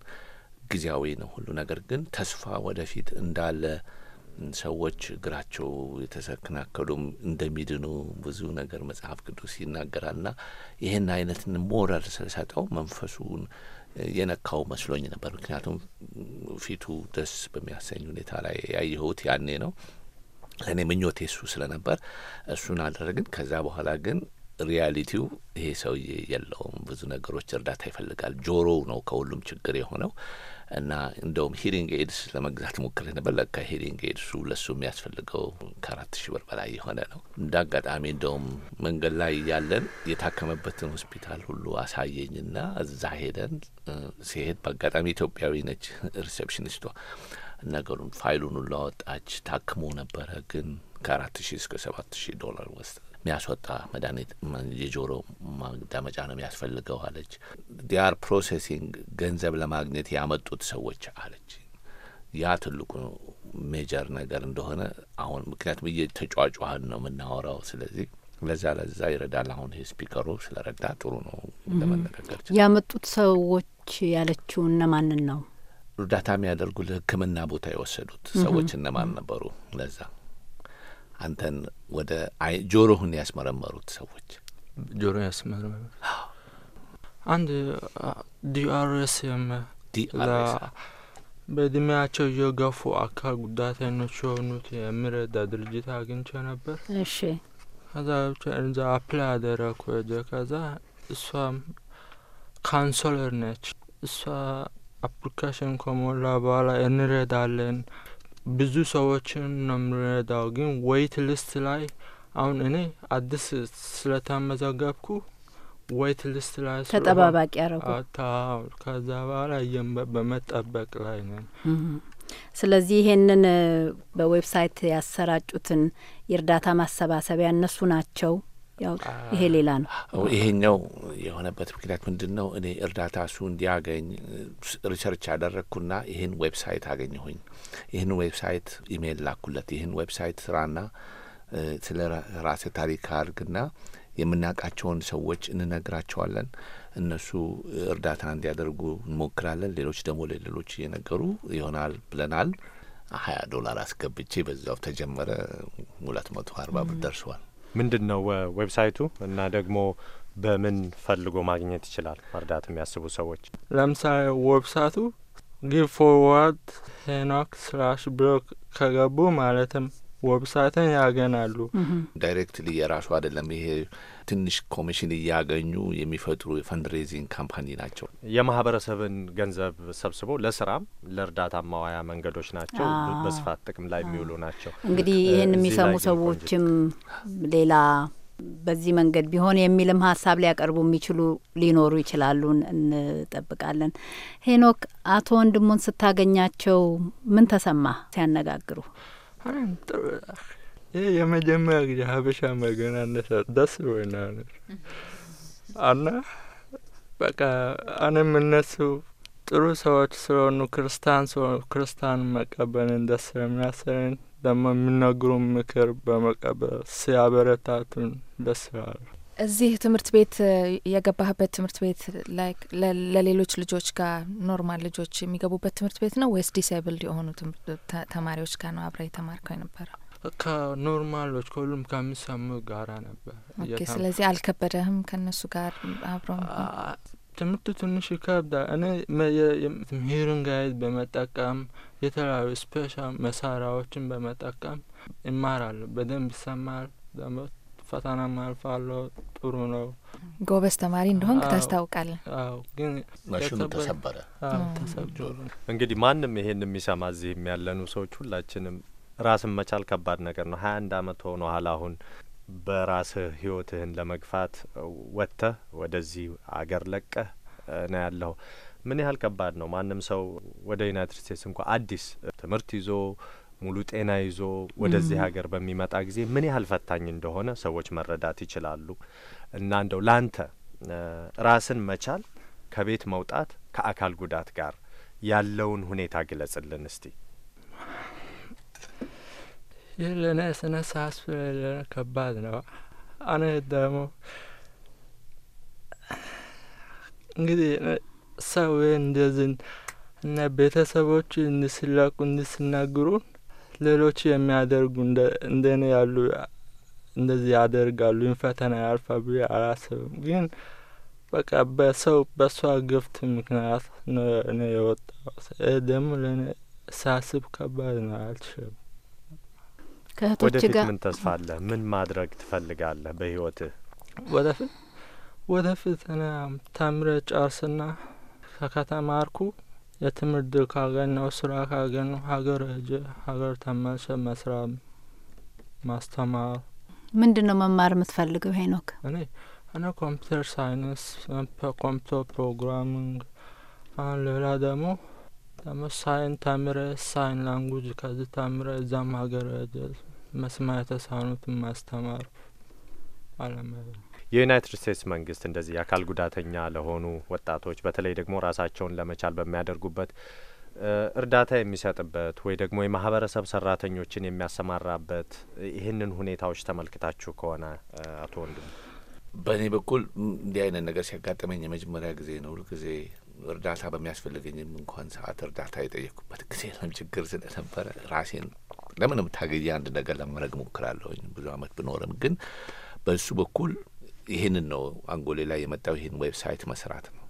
ጊዜያዊ ነው ሁሉ ነገር። ግን ተስፋ ወደፊት እንዳለ ሰዎች እግራቸው የተሰናከሉም እንደሚድኑ ብዙ ነገር መጽሐፍ ቅዱስ ይናገራልና ይህን አይነትን ሞራል ስለሰጠው መንፈሱን የነካው መስሎኝ ነበር። ምክንያቱም ፊቱ ደስ በሚያሰኝ ሁኔታ ላይ ያየሁት ያኔ ነው። እኔ ምኞቴ እሱ ስለነበር እሱን አደረግን። ከዛ በኋላ ግን ሪያሊቲው ይሄ ሰውዬ የለውም። ብዙ ነገሮች እርዳታ ይፈልጋል። ጆሮው ነው ከሁሉም ችግር የሆነው እና እንደውም ሂሪንግ ኤድስ ለመግዛት ሞክሬ ነበር። ለካ ሂሪንግ ኤድሱ ለሱ የሚያስፈልገው ከአራት ሺ ብር በላይ የሆነ ነው። እንደ አጋጣሚ እንደውም መንገድ ላይ እያለን የታከመበትን ሆስፒታል ሁሉ አሳየኝና እዛ ሄደን ሲሄድ በአጋጣሚ ኢትዮጵያዊ ነች ሪሴፕሽኒስቷ ነገሩን ፋይሉን ሁሉ አወጣች። ታክሞ ነበረ ግን ከአራት ሺ እስከ ሰባት ሺ ዶላር ወስደ የሚያስወጣ መድኃኒት የጆሮ ማዳመጫ ነው የሚያስፈልገው አለች። ዲያር ፕሮሴሲንግ ገንዘብ ለማግኘት ያመጡት ሰዎች አለች። ያ ትልቁ ሜጀር ነገር እንደሆነ አሁን ምክንያቱም እየተጫጫህን ነው የምናወራው። ስለዚህ ለዛ ለዛ ይረዳል። አሁን ይህ ስፒከሩ ስለ ረዳ ጥሩ ነው ለመነጋገር ያመጡት ሰዎች ያለችው እነማንን ነው? እርዳታ የሚያደርጉ ለህክምና ቦታ የወሰዱት ሰዎች እነማን ነበሩ? ለዛ አንተን ወደ ጆሮህን ያስመረመሩት ሰዎች ጆሮ ያስመረመሩ አንድ ዲአርስ የም በእድሜያቸው የገፉ አካል ጉዳተኞች የሆኑት የሚረዳ ድርጅት አግኝቼ ነበር። እሺ ከዛ ብቻ እዛ አፕላይ አደረኩ። ከዛ እሷም ካንሶለር ነች። እሷ አፕሊካሽን ከሞላ በኋላ እንረዳለን ብዙ ሰዎችን ነው የምረዳው። ግን ዌይት ሊስት ላይ አሁን እኔ አዲስ ስለተመዘገብኩ ዌይት ሊስት ላይ ተጠባባቂ ያረጉ ከዛ በኋላ በመጠበቅ ላይ ነን። ስለዚህ ይሄንን በዌብሳይት ያሰራጩትን የእርዳታ ማሰባሰቢያ እነሱ ናቸው ያው ይሄ ሌላ ነው። ይሄኛው የሆነበት ምክንያት ምንድን ነው? እኔ እርዳታ እሱ እንዲያገኝ ሪሰርች ያደረግኩና ይህን ዌብሳይት አገኘሁኝ። ይህን ዌብሳይት ኢሜይል ላኩለት። ይህን ዌብሳይት ስራና ስለ ራሴ ታሪክ አድርግና የምናውቃቸውን ሰዎች እንነግራቸዋለን። እነሱ እርዳታ እንዲያደርጉ እንሞክራለን። ሌሎች ደግሞ ለሌሎች እየነገሩ ይሆናል ብለናል። ሀያ ዶላር አስገብቼ በዛው ተጀመረ። ሁለት መቶ አርባ ብር ደርሰዋል። ምንድን ነው ዌብሳይቱ እና ደግሞ በምን ፈልጎ ማግኘት ይችላል መርዳት የሚያስቡ ሰዎች? ለምሳሌ ዌብሳይቱ ጊቭ ፎርዋርድ ሄኖክ ስላሽ ብሎግ ከገቡ ማለትም ዌብሳይትን ያገናሉ። ዳይሬክትሊ የራሱ አይደለም ይሄ ትንሽ ኮሚሽን እያገኙ የሚፈጥሩ የፈንድሬዚንግ ካምፓኒ ናቸው። የማህበረሰብን ገንዘብ ሰብስበው ለስራም ለእርዳታ ማዋያ መንገዶች ናቸው፣ በስፋት ጥቅም ላይ የሚውሉ ናቸው። እንግዲህ ይህን የሚሰሙ ሰዎችም ሌላ በዚህ መንገድ ቢሆን የሚልም ሀሳብ ሊያቀርቡ የሚችሉ ሊኖሩ ይችላሉ እንጠብቃለን። ሄኖክ፣ አቶ ወንድሙን ስታገኛቸው ምን ተሰማ ሲያነጋግሩ ይህ የመጀመሪያ ጊዜ ሀበሻ መገናነሳ ደስ ብሎናል እና በቃ እኔም እነሱ ጥሩ ሰዎች ስለሆኑ ክርስቲያን ክርስቲያን መቀበልን ደስ ስለሚያሰኝ ደግሞ የሚነግሩ ምክር በመቀበል ሲያበረታቱን ደስ ይላል። እዚህ ትምህርት ቤት የገባህበት ትምህርት ቤት ላይ ለሌሎች ልጆች ጋር ኖርማል ልጆች የሚገቡበት ትምህርት ቤት ነው ወይስ ዲስብልድ የሆኑ ተማሪዎች ጋር ነው አብረ የተማርከው የነበረው? ከኖርማሎች ከሁሉም ከሚሰሙ ጋራ ነበር። ስለዚህ አልከበደህም? ከእነሱ ጋር አብሮ ትምህርቱ ትንሽ ይከብዳል። እኔ ሂሪንግ አይድ በመጠቀም የተለያዩ ስፔሻል መሳሪያዎችን በመጠቀም ይማራሉ። በደንብ ይሰማል። ፈተና ማልፋለሁ። ጥሩ ነው። ጎበዝ ተማሪ እንደሆንክ ታስታውቃለህ። ግን ማሽኑ ተሰበረ። እንግዲህ ማንም ይሄን የሚሰማ እዚህም የሚያለኑ ሰዎች ሁላችንም ራስን መቻል ከባድ ነገር ነው። ሀያ አንድ አመት ሆኖሃል አሁን በራስህ ህይወትህን ለመግፋት ወጥተህ ወደዚህ አገር ለቀህ ነው ያለው ምን ያህል ከባድ ነው? ማንም ሰው ወደ ዩናይትድ ስቴትስ እንኳ አዲስ ትምህርት ይዞ ሙሉ ጤና ይዞ ወደዚህ ሀገር በሚመጣ ጊዜ ምን ያህል ፈታኝ እንደሆነ ሰዎች መረዳት ይችላሉ። እና እንደው ላንተ ራስን መቻል ከቤት መውጣት ከአካል ጉዳት ጋር ያለውን ሁኔታ ግለጽልን እስቲ። ይህ ለእኔ ስነ ሳስ ከባድ ነው። አነ ደግሞ እንግዲህ ሰው እንደዚህ እና ቤተሰቦች እንስላቁ እንስናግሩን ሌሎች የሚያደርጉ እንደ ያሉ እንደዚህ ያደርጋሉ። ይህን ፈተና ያልፋ ብዬ አላስብም። ግን በቃ በሰው በእሷ ግፍት ምክንያት ነው እኔ ደግሞ ለእኔ ሳስብ ከባድ ነው፣ አልችልም። ከእህቶች ጋር ምን ተስፋ አለህ? ምን ማድረግ ትፈልጋለህ በህይወትህ? ወደፊት ወደፊት ተምሬ ጨርስና ከተማርኩ የትምህርት ካገኘው ስራ ካገኘ ሀገር እጅ ሀገር ተመልሼ መስራ ማስተማር። ምንድን ነው መማር የምትፈልገው ሄኖክ? እኔ እኔ ኮምፒውተር ሳይንስ፣ ኮምፒውተር ፕሮግራሚንግ፣ አሁን ሌላ ደግሞ ደግሞ ሳይን ተምረ ሳይን ላንጉጅ ከዚህ ተምረ እዛም ሀገር እጅ መስማት የተሳኑትን ማስተማር አላማ የዩናይትድ ስቴትስ መንግስት እንደዚህ የአካል ጉዳተኛ ለሆኑ ወጣቶች በተለይ ደግሞ ራሳቸውን ለመቻል በሚያደርጉበት እርዳታ የሚሰጥበት ወይ ደግሞ የማህበረሰብ ሰራተኞችን የሚያሰማራበት ይህንን ሁኔታዎች ተመልክታችሁ ከሆነ አቶ ወንዱ? በእኔ በኩል እንዲህ አይነት ነገር ሲያጋጠመኝ የመጀመሪያ ጊዜ ነው። ሁልጊዜ እርዳታ በሚያስፈልገኝም እንኳን ሰዓት እርዳታ የጠየኩበት ጊዜ ነው። ችግር ስለነበረ ራሴን ለምንም ታገዜ አንድ ነገር ለማድረግ ሞክራለሁኝ ብዙ አመት ብኖርም ግን በሱ በኩል ይህንን ነው አንጎሌ ላይ የመጣው ይህን ዌብሳይት መስራት ነው።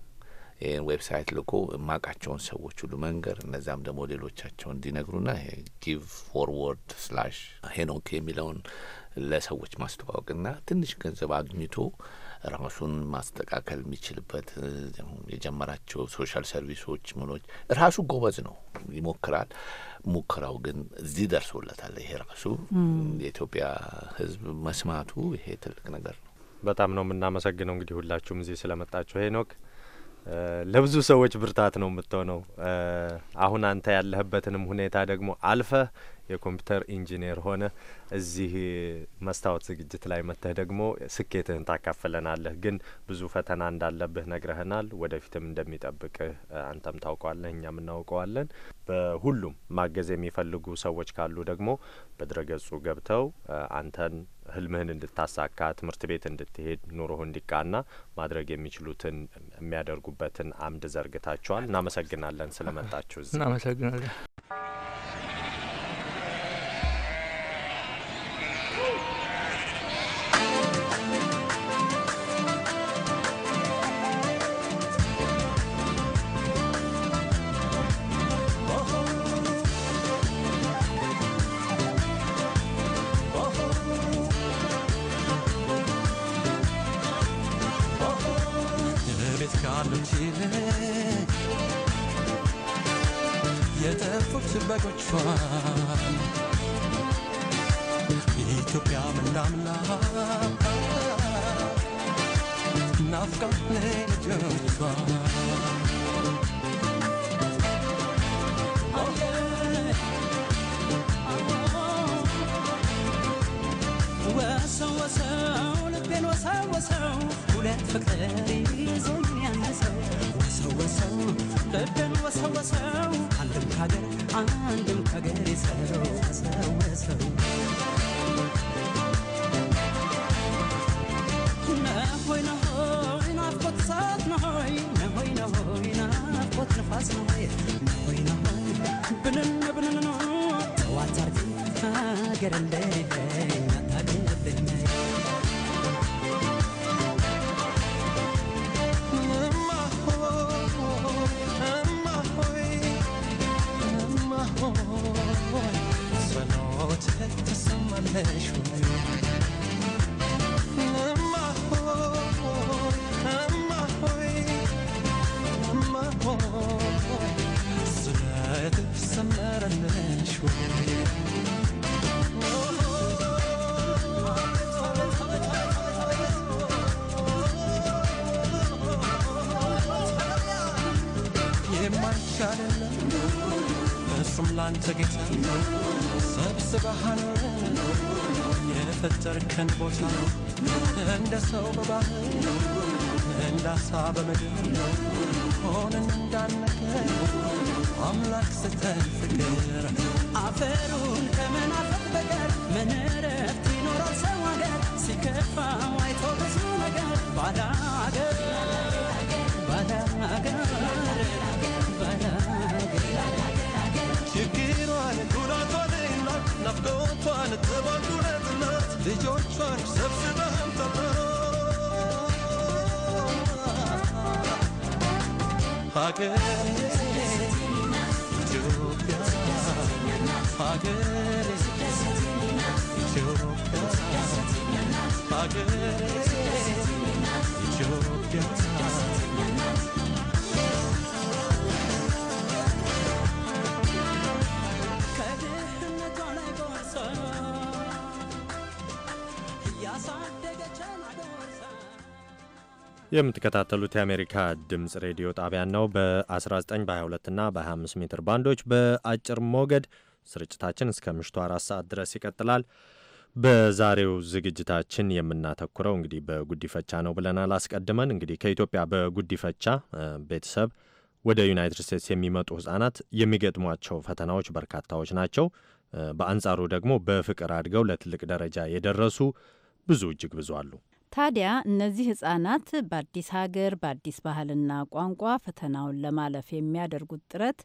ይህን ዌብሳይት ልኮ የማውቃቸውን ሰዎች ሁሉ መንገር እነዛም ደግሞ ሌሎቻቸው እንዲነግሩና ጊቭ ፎርወርድ ስላሽ ሄኖክ የሚለውን ለሰዎች ማስተዋወቅና ትንሽ ገንዘብ አግኝቶ ራሱን ማስተካከል የሚችልበት የጀመራቸው ሶሻል ሰርቪሶች ምኖች ራሱ ጎበዝ ነው፣ ይሞክራል። ሙከራው ግን እዚህ ደርሶለታል። ይሄ ራሱ የኢትዮጵያ ሕዝብ መስማቱ ይሄ ትልቅ ነገር ነው። በጣም ነው የምናመሰግነው እንግዲህ ሁላችሁም እዚህ ስለመጣችሁ ሄኖክ ለብዙ ሰዎች ብርታት ነው የምትሆነው። አሁን አንተ ያለህበትንም ሁኔታ ደግሞ አልፈህ የኮምፒውተር ኢንጂነር ሆነ እዚህ መስታወት ዝግጅት ላይ መጥተህ ደግሞ ስኬትህን ታካፍለናለህ። ግን ብዙ ፈተና እንዳለብህ ነግረህናል። ወደፊትም እንደሚጠብቅህ አንተም ታውቀዋለህ፣ እኛም እናውቀዋለን። በሁሉም ማገዝ የሚፈልጉ ሰዎች ካሉ ደግሞ በድረገጹ ገብተው አንተን ህልምህን እንድታሳካ ትምህርት ቤት እንድትሄድ ኑሮህ እንዲቃና ማድረግ የሚችሉትን የሚያደርጉበትን አምድ ዘርግታችኋል። እናመሰግናለን ስለመጣችሁ። እናመሰግናለን። Yet I put the back ኢትዮጵያ ምናምና ናፍቀው ልጆቿ ወሰወሰው ልቤን ወሰወሰው ሁለት ፍቅር ይዞኝ ያነሰው ወሰወሰው ልቤን አንድም አንድም ሰው هوي نهوي نفقد صوت نهوي نهوي نهوي نفقد نفس نهوي نهوي ፍጹም ላንተ ጌታ ሰብስበሃን የፈጠርከን ቦታ እንደ ሰው በባህር እንደ አሳ በምድር ሆነን እንዳነገር አምላክ ስተን ፍቅር አፈሩን ከመናፈቅ በቀር ምን ሀገር ኢትዮጵያ ሀገር ኢትዮጵያ ሀገር ኢትዮጵያ የምትከታተሉት የአሜሪካ ድምፅ ሬዲዮ ጣቢያን ነው። በ19 22 እና በ25 ሜትር ባንዶች በአጭር ሞገድ ስርጭታችን እስከ ምሽቱ አራት ሰዓት ድረስ ይቀጥላል። በዛሬው ዝግጅታችን የምናተኩረው እንግዲህ በጉዲፈቻ ነው ብለናል። አስቀድመን እንግዲህ ከኢትዮጵያ በጉዲፈቻ ቤተሰብ ወደ ዩናይትድ ስቴትስ የሚመጡ ህጻናት የሚገጥሟቸው ፈተናዎች በርካታዎች ናቸው። በአንጻሩ ደግሞ በፍቅር አድገው ለትልቅ ደረጃ የደረሱ ብዙ እጅግ ብዙ አሉ። ታዲያ እነዚህ ህጻናት በአዲስ ሀገር በአዲስ ባህልና ቋንቋ ፈተናውን ለማለፍ የሚያደርጉት ጥረት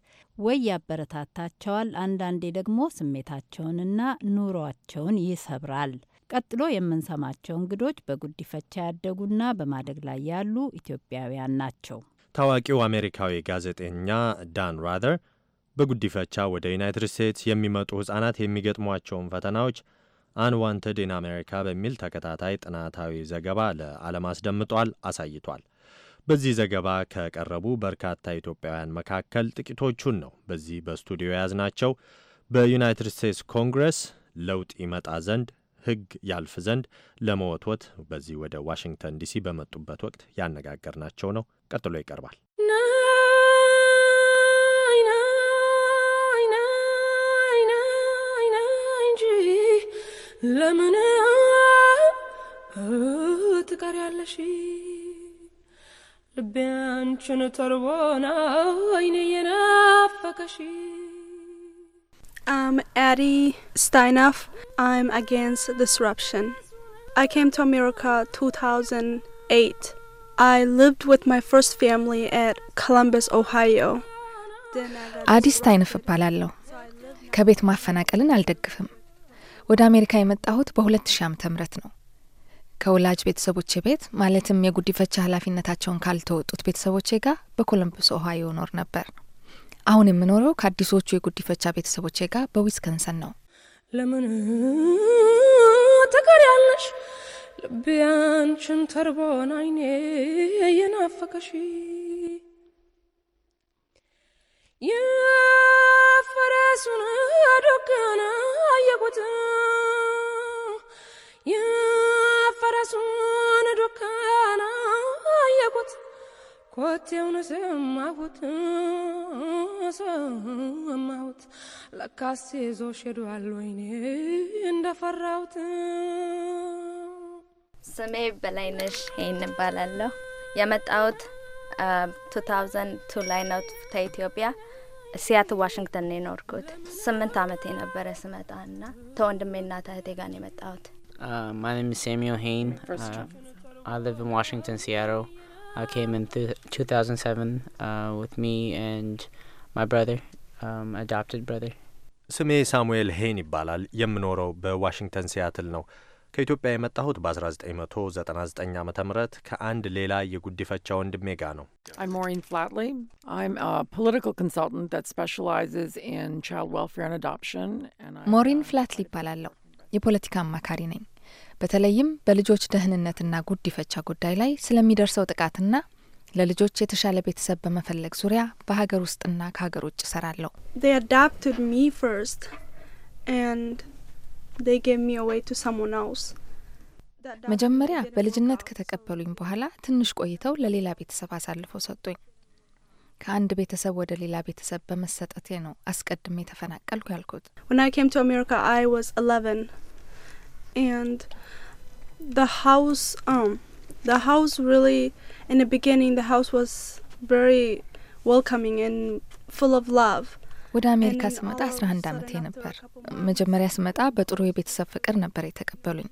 ወይ ያበረታታቸዋል፣ አንዳንዴ ደግሞ ስሜታቸውንና ኑሯቸውን ይሰብራል። ቀጥሎ የምንሰማቸው እንግዶች በጉዲፈቻ ያደጉና በማደግ ላይ ያሉ ኢትዮጵያውያን ናቸው። ታዋቂው አሜሪካዊ ጋዜጠኛ ዳን ራዘር በጉዲፈቻ ወደ ዩናይትድ ስቴትስ የሚመጡ ህጻናት የሚገጥሟቸውን ፈተናዎች አንዋንትድ ኢን አሜሪካ በሚል ተከታታይ ጥናታዊ ዘገባ ለዓለም አስደምጧል፣ አሳይቷል። በዚህ ዘገባ ከቀረቡ በርካታ ኢትዮጵያውያን መካከል ጥቂቶቹን ነው በዚህ በስቱዲዮ የያዝናቸው። በዩናይትድ ስቴትስ ኮንግረስ ለውጥ ይመጣ ዘንድ ሕግ ያልፍ ዘንድ ለመወትወት በዚህ ወደ ዋሽንግተን ዲሲ በመጡበት ወቅት ያነጋገርናቸው ነው። ቀጥሎ ይቀርባል። ለምን ትቀሪያለሽ? ልቤ አንቺን ተርቦና አይኔ የናፈቀሽ I'm Addie Steinaf. I'm against disruption. I came to America 2008. I lived with my first family at Columbus, Ohio. አዲ ስታይነፍ እባላለሁ። ከቤት ማፈናቀልን አልደግፍም። ወደ አሜሪካ የመጣሁት በ2000 ሺ ምህረት ነው። ከወላጅ ቤተሰቦቼ ቤት ማለትም የጉዲፈቻ ኃላፊነታቸውን ካልተወጡት ቤተሰቦቼ ጋር በኮሎምበስ ኦሃዮ ኖር ነበር። አሁን የምኖረው ከአዲሶቹ የጉዲፈቻ ቤተሰቦቼ ጋር በዊስከንሰን ነው። ለምን ትቀሪያለሽ? ልቤ አንቺን ተርቦን አይኔ የናፈቀሽ የፈረሱን ዶክና አየቁት የፈረሱን ዶክና አየቁት ኮቴውን ሰማሁት ሰማሁት ለካስ ይዞ ሸዷል ወይኔ እንደፈራሁት። ስሜ በላይነሽ ይን እባላለሁ የመጣሁት ቱ um, ላይ ነው ከኢትዮጵያ ሲያትል ዋሽንግተን ነው የኖርኩት። ስምንት አመት የነበረ ስመጣ ና ተወንድሜና እህቴ ጋር ነው የመጣሁት። uh, My name ሄን Samuel Hain. Uh, I live in Washington, Seattle. 2007 uh, with me and my brother, um, ስሜ ሳሙኤል ሄይን ይባላል። የምኖረው በዋሽንግተን ሲያትል ነው። ከኢትዮጵያ የመጣሁት በ1999 ዓ ም ከአንድ ሌላ የጉዲፈቻ ወንድሜ ጋ ነው። ሞሪን ፍላትሊ ይባላለሁ። የፖለቲካ አማካሪ ነኝ። በተለይም በልጆች ደህንነትና ጉዲፈቻ ጉዳይ ላይ ስለሚደርሰው ጥቃትና ለልጆች የተሻለ ቤተሰብ በመፈለግ ዙሪያ በሀገር ውስጥና ከሀገር ውጭ እሰራለሁ። መጀመሪያ በልጅነት ከተቀበሉኝ በኋላ ትንሽ ቆይተው ለሌላ ቤተሰብ አሳልፈው ሰጡኝ። ከአንድ ቤተሰብ ወደ ሌላ ቤተሰብ በመሰጠቴ ነው አስቀድሜ የተፈናቀልኩ ያልኩት። ሪሊ ወደ አሜሪካ ስመጣ 11 አንድ አመቴ ነበር። መጀመሪያ ስመጣ በጥሩ የቤተሰብ ፍቅር ነበር የተቀበሉኝ።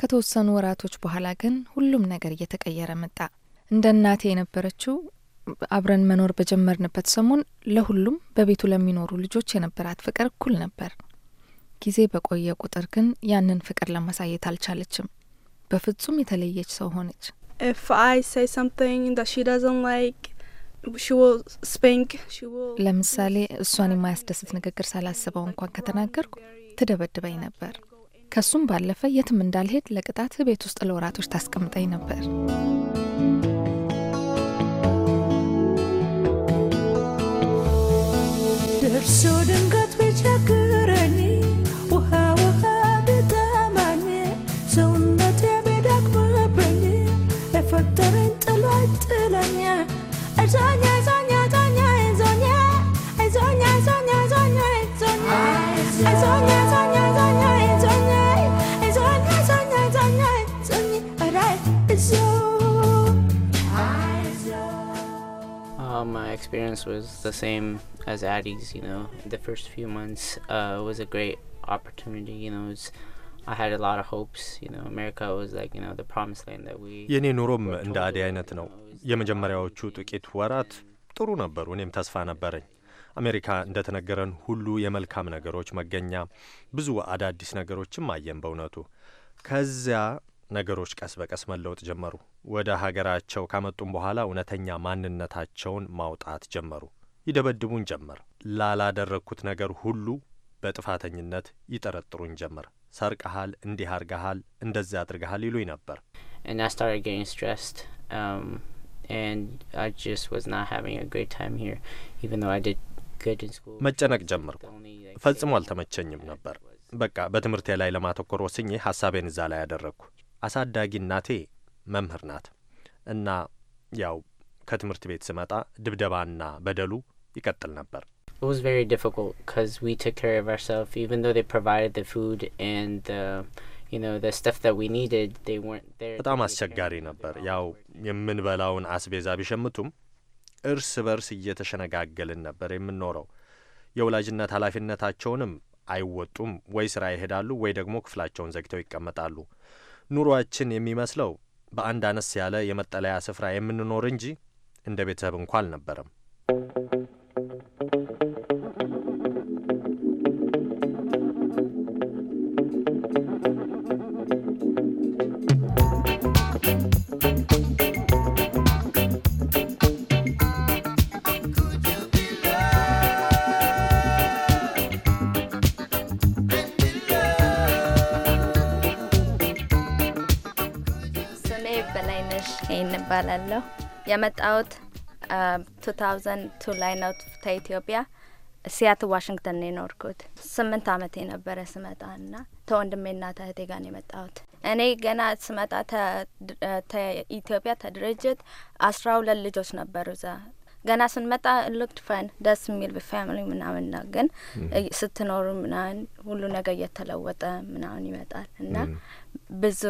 ከተወሰኑ ወራቶች በኋላ ግን ሁሉም ነገር እየተቀየረ መጣ። እንደ እናቴ የነበረችው አብረን መኖር በጀመርንበት ሰሞን ለሁሉም በቤቱ ለሚኖሩ ልጆች የነበራት ፍቅር እኩል ነበር። ጊዜ በቆየ ቁጥር ግን ያንን ፍቅር ለማሳየት አልቻለችም። በፍጹም የተለየች ሰው ሆነች። If I say something that she ለምሳሌ እሷን የማያስደስት ንግግር ሳላስበው እንኳን ከተናገርኩ ትደበድበኝ ነበር። ከሱም ባለፈ የትም እንዳልሄድ ለቅጣት ቤት ውስጥ ለወራቶች ታስቀምጠኝ ነበር። ደርሶ ድንጋ experience was the same as Addie's. You know, the first few months uh, was a great opportunity. You know, it's የእኔ ኑሮም እንደ አዴ አይነት ነው። የመጀመሪያዎቹ ጥቂት ወራት ጥሩ ነበሩ። እኔም ተስፋ ነበረኝ። አሜሪካ እንደተነገረን ሁሉ የመልካም ነገሮች መገኛ፣ ብዙ አዳዲስ ነገሮችም አየን። በእውነቱ ከዚያ ነገሮች ቀስ በቀስ መለወጥ ጀመሩ። ወደ ሀገራቸው ካመጡም በኋላ እውነተኛ ማንነታቸውን ማውጣት ጀመሩ። ይደበድቡን ጀመር። ላላደረግኩት ነገር ሁሉ በጥፋተኝነት ይጠረጥሩኝ ጀመር። ሰርቀሃል፣ እንዲህ አርገሃል፣ እንደዚያ አድርገሃል ይሉኝ ነበር። um, መጨነቅ ጀመርኩ። ፈጽሞ አልተመቸኝም ነበር። በቃ በትምህርቴ ላይ ለማተኮር ወስኜ ሀሳቤን እዛ ላይ አደረግኩ። አሳዳጊ እናቴ መምህር ናት እና ያው ከትምህርት ቤት ስመጣ ድብደባና በደሉ ይቀጥል ነበር። It was very difficult because we took care of ourselves, even though they provided the food and the, you know, the stuff that we needed. They weren't there. በጣም አስቸጋሪ ነበር። ያው የምንበላውን አስቤዛ ቢሸምቱም እርስ በርስ እየተሸነጋገልን ነበር የምንኖረው። የወላጅነት ኃላፊነታቸውንም አይወጡም። ወይ ስራ ይሄዳሉ፣ ወይ ደግሞ ክፍላቸውን ዘግተው ይቀመጣሉ። ኑሯችን የሚመስለው በአንድ አነስ ያለ የመጠለያ ስፍራ የምንኖር እንጂ እንደ ቤተሰብ እንኳ አልነበረም። የመጣሁት 2002 ላይ ነው ከኢትዮጵያ ሲያት ዋሽንግተን ነው የኖርኩት። ስምንት አመቴ ነበረ ስመጣ ና ተወንድሜና ተህቴ ጋር ነው የመጣሁት። እኔ ገና ስመጣ ኢትዮጵያ ተድርጅት አስራ ሁለት ልጆች ነበሩ እዛ ገና ስንመጣ ሉክድ ፈን ደስ የሚል ፋሚሊ ምናምን ነው፣ ግን ስትኖሩ ምናምን ሁሉ ነገር እየተለወጠ ምናምን ይመጣል እና ብዙ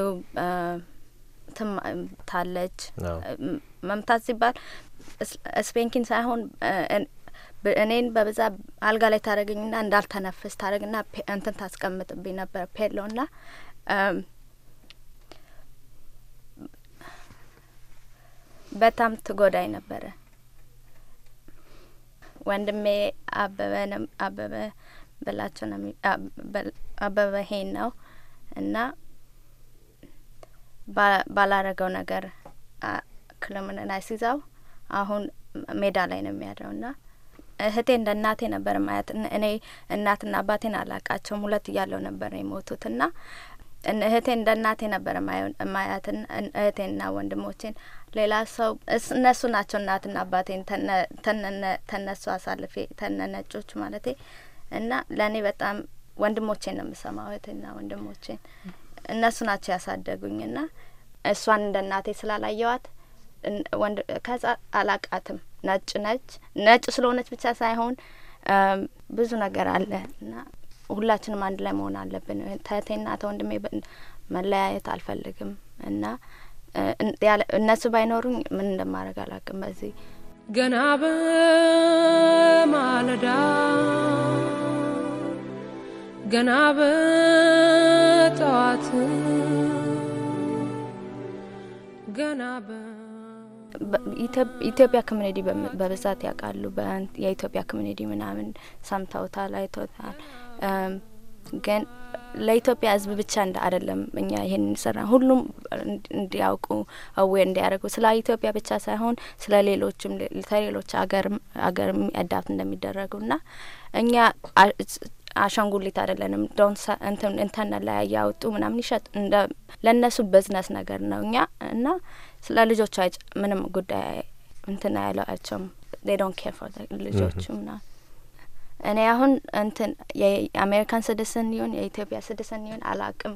ታለች መምታት ሲባል ስፔንኪን ሳይሆን እኔን በብዛ አልጋ ላይ ታደረግኝና እንዳልተነፍስ ታደረግና እንትን ታስቀምጥብኝ ነበር ፔሎ ና በጣም ትጎዳኝ ነበረ። ወንድሜ አበበ አበበ በላቸው ነው አበበ ሄን ነው እና ባላረገው ነገር ሕክምና ሲዛው አሁን ሜዳ ላይ ነው የሚያድረው ና እህቴ እንደ እናቴ ነበር ማያት። እኔ እናትና አባቴን አላቃቸውም። ሁለት እያለው ነበር ነው የሞቱት ና እህቴ እንደ እናቴ ነበር ማያትን እህቴና ወንድሞቼን ሌላ ሰው እነሱ ናቸው እናትና አባቴን ተነሱ አሳልፌ ተነነጮች ማለቴ እና ለእኔ በጣም ወንድሞቼን ነው የምሰማው። እህቴና ወንድሞቼን እነሱ ናቸው ያሳደጉኝ ና እሷን እንደ እናቴ ስላላየዋት ወንድ ከዛ አላቃትም ነጭ ነች ነጭ ስለሆነች ብቻ ሳይሆን ብዙ ነገር አለ እና ሁላችንም አንድ ላይ መሆን አለብን። ተቴና ወንድሜ መለያየት አልፈልግም እና እነሱ ባይኖሩኝ ምን እንደማድረግ አላውቅም። በዚህ ገና በማለዳ ገና በጠዋት ገና በ ኢትዮጵያ ኮሚኒቲ በብዛት ያውቃሉ። የኢትዮጵያ ኮሚኒቲ ምናምን ሰምተውታል፣ አይተውታል። ግን ለኢትዮጵያ ሕዝብ ብቻ እንደ አይደለም እኛ ይሄን እንሰራ ሁሉም እንዲያውቁ አዌር እንዲያደርጉ ስለ ኢትዮጵያ ብቻ ሳይሆን ስለ ሌሎችም ተሌሎች አገርም አገርም አዳፕት እንደሚደረጉ ና እኛ አሻንጉሊት አይደለንም። ዶን እንትን ላይ ያወጡ ምናምን ይሸጥ እንደ ለእነሱ በዝነስ ነገር ነው እኛ እና ስለ ልጆቹ ምንም ጉዳይ እንትን አይሏቸውም። ዴይ ዶን ኬር ፎር ልጆቹ ና እኔ አሁን እንትን የአሜሪካን ስድስን ይሁን የኢትዮጵያ ስድስን ይሁን አላቅም።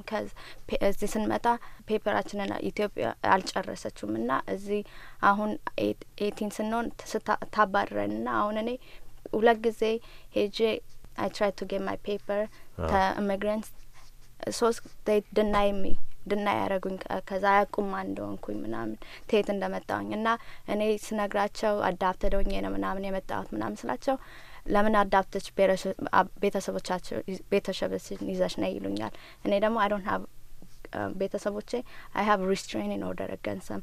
እዚህ ስንመጣ ፔፐራችንን ኢትዮጵያ አልጨረሰችውም ና እዚህ አሁን ኤቲን ስንሆን ስታባረን ና አሁን እኔ ሁለት ጊዜ ሄጄ አይ ትራይ ቱ ጌት ማይ ፔፐር ከኢሚግራንት ሶስት ዴይ ድናይ ሚ እንድናይ ያደረጉኝ ከዛ ያቁም እንደሆንኩኝ ምናምን ቴት እንደመጣውኝ እና እኔ ስነግራቸው አዳፕተድ ሆኜ ነው ምናምን የመጣሁት ምናምን ስላቸው ለምን አዳፕተች ቤተሰቦቻቸው ቤተሰቦችን ይዘሽ ነ ይሉኛል። እኔ ደግሞ አይ ዶንት ሀብ ቤተሰቦቼ አይ ሀብ ሪስትሬኒንግ ኦርደር ገንሰም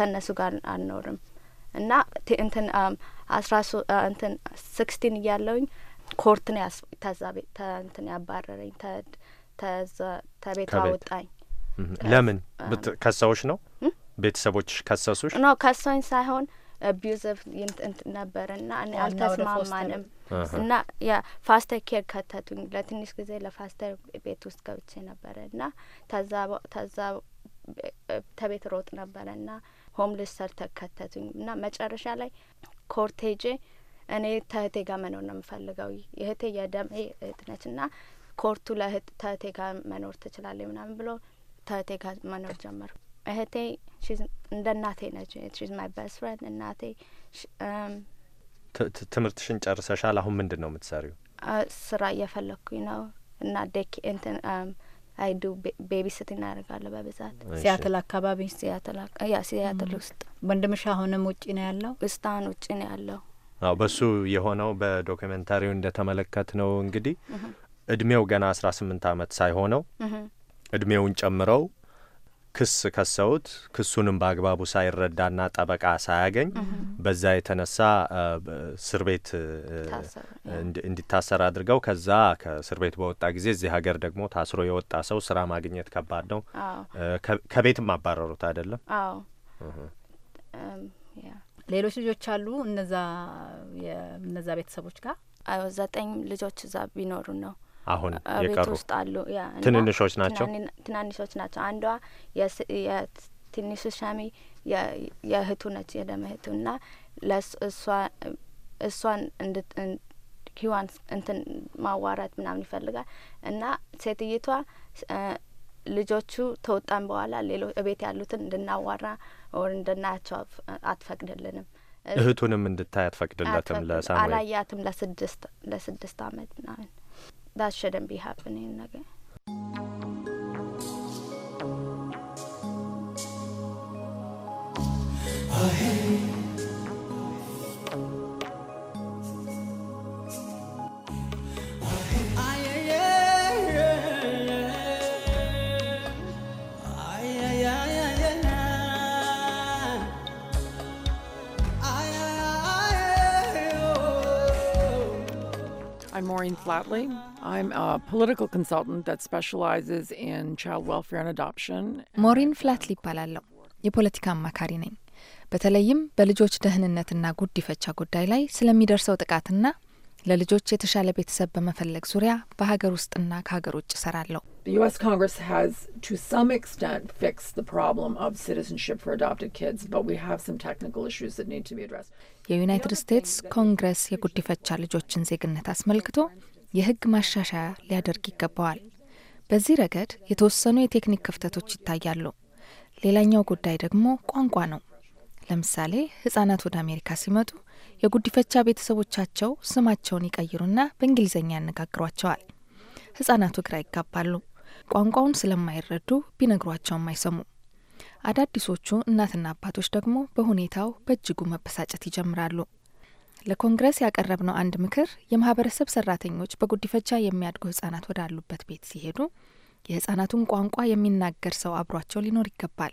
ተነሱ ጋር አልኖርም እና እንትን አስራ እንትን ስክስቲን እያለውኝ ኮርት ነው ያስ ተዛ እንትን ያባረረኝ ተ ተዛ ተቤት አወጣኝ። ለምን ከሰዎች ነው ቤተሰቦች ከሰሱሽ ነው? ከሰኝ ሳይሆን አቢዩዘቭ ነበር ነበርና እኔ አልተስማማንም እና ያ ፋስተር ኬር ከተቱኝ። ለትንሽ ጊዜ ለፋስተር ቤት ውስጥ ገብቼ ነበረ ነበረና ተዛ ተቤት ሮጥ ነበረ ነበረና ሆምልስ ሰርተር ከተቱኝ እና መጨረሻ ላይ ኮርቴጄ እኔ ተህቴ ጋር መኖር ነው የምፈልገው። እህቴ የደሜ እህት ነች እና ኮርቱ ለእህት ተህቴ ጋር መኖር ትችላለ ምናምን ብሎ ተህቴ ጋር መኖር ጀመርኩ። እህቴ እንደ እናቴ ነች። ሺዝ ማይ በስት ፍሬንድ እናቴ። ትምህርትሽን ጨርሰሻል። አሁን ምንድን ነው የምትሰሪው? ስራ እየፈለግኩኝ ነው እና ዴክ እንትን አይዱ ቤቢ ስት እናደርጋለሁ በብዛት ሲያትል አካባቢ ያ ሲያትል ውስጥ። ወንድምሽ አሁንም ውጭ ነው ያለው? እስካሁን ውጭ ነው ያለው። አዎ በሱ የሆነው በዶኪመንታሪው እንደተመለከት ነው እንግዲህ እድሜው ገና አስራ ስምንት አመት ሳይሆነው እድሜውን ጨምረው ክስ ከሰውት ክሱንም በአግባቡ ሳይረዳና ጠበቃ ሳያገኝ በዛ የተነሳ እስር ቤት እንዲታሰር አድርገው ከዛ ከእስር ቤት በወጣ ጊዜ እዚህ ሀገር ደግሞ ታስሮ የወጣ ሰው ስራ ማግኘት ከባድ ነው። ከቤትም አባረሩት አይደለም። ሌሎች ልጆች አሉ እነዛ እነዛ ቤተሰቦች ጋር ዘጠኝ ልጆች እዛ ቢኖሩ ነው አሁን የቀሩ ውስጥ አሉ። ትንንሾች ናቸው ትናንሾች ናቸው። አንዷ የትንሹ ሻሚ የእህቱ ነች፣ የደመ እህቱ እና እሷን ኪዋን እንትን ማዋራት ምናምን ይፈልጋል እና ሴትይቷ ልጆቹ ተወጣን በኋላ ሌሎ እቤት ያሉትን እንድናዋራ ወር እንድናያቸው አትፈቅድልንም። እህቱንም እንድታይ አትፈቅድለትም። ለሳ አላያትም ለስድስት ለስድስት አመት ምናምን that shouldn't be happening again. Maureen Flatley. I'm a political consultant that specializes in child welfare and adoption. Maureen Flatley ይባላለሁ። የፖለቲካ አማካሪ ነኝ። በተለይም በልጆች ደህንነትና ጉዲፈቻ ጉዳይ ላይ ስለሚደርሰው ጥቃትና ለልጆች የተሻለ ቤተሰብ በመፈለግ ዙሪያ በሀገር ውስጥና ከሀገር ውጭ እሰራለሁ። የዩናይትድ ስቴትስ ኮንግረስ የጉዲፈቻ ልጆችን ዜግነት አስመልክቶ የህግ ማሻሻያ ሊያደርግ ይገባዋል። በዚህ ረገድ የተወሰኑ የቴክኒክ ክፍተቶች ይታያሉ። ሌላኛው ጉዳይ ደግሞ ቋንቋ ነው። ለምሳሌ ህጻናት ወደ አሜሪካ ሲመጡ የጉዲፈቻ ቤተሰቦቻቸው ስማቸውን ይቀይሩና በእንግሊዝኛ ያነጋግሯቸዋል። ህጻናቱ ግራ ይጋባሉ። ቋንቋውን ስለማይረዱ ቢነግሯቸውም አይሰሙ። አዳዲሶቹ እናትና አባቶች ደግሞ በሁኔታው በእጅጉ መበሳጨት ይጀምራሉ። ለኮንግረስ ያቀረብነው አንድ ምክር የማህበረሰብ ሰራተኞች በጉዲፈቻ የሚያድጉ ህጻናት ወዳሉበት ቤት ሲሄዱ የህጻናቱን ቋንቋ የሚናገር ሰው አብሯቸው ሊኖር ይገባል።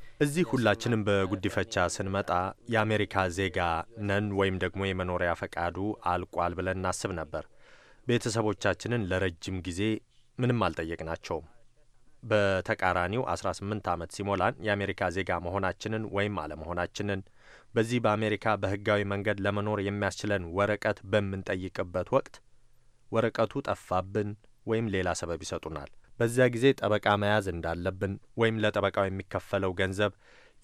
እዚህ ሁላችንም በጉዲፈቻ ስንመጣ የአሜሪካ ዜጋ ነን ወይም ደግሞ የመኖሪያ ፈቃዱ አልቋል ብለን እናስብ ነበር። ቤተሰቦቻችንን ለረጅም ጊዜ ምንም አልጠየቅናቸውም። በተቃራኒው 18 ዓመት ሲሞላን የአሜሪካ ዜጋ መሆናችንን ወይም አለመሆናችንን በዚህ በአሜሪካ በሕጋዊ መንገድ ለመኖር የሚያስችለን ወረቀት በምንጠይቅበት ወቅት ወረቀቱ ጠፋብን ወይም ሌላ ሰበብ ይሰጡናል። በዚያ ጊዜ ጠበቃ መያዝ እንዳለብን ወይም ለጠበቃው የሚከፈለው ገንዘብ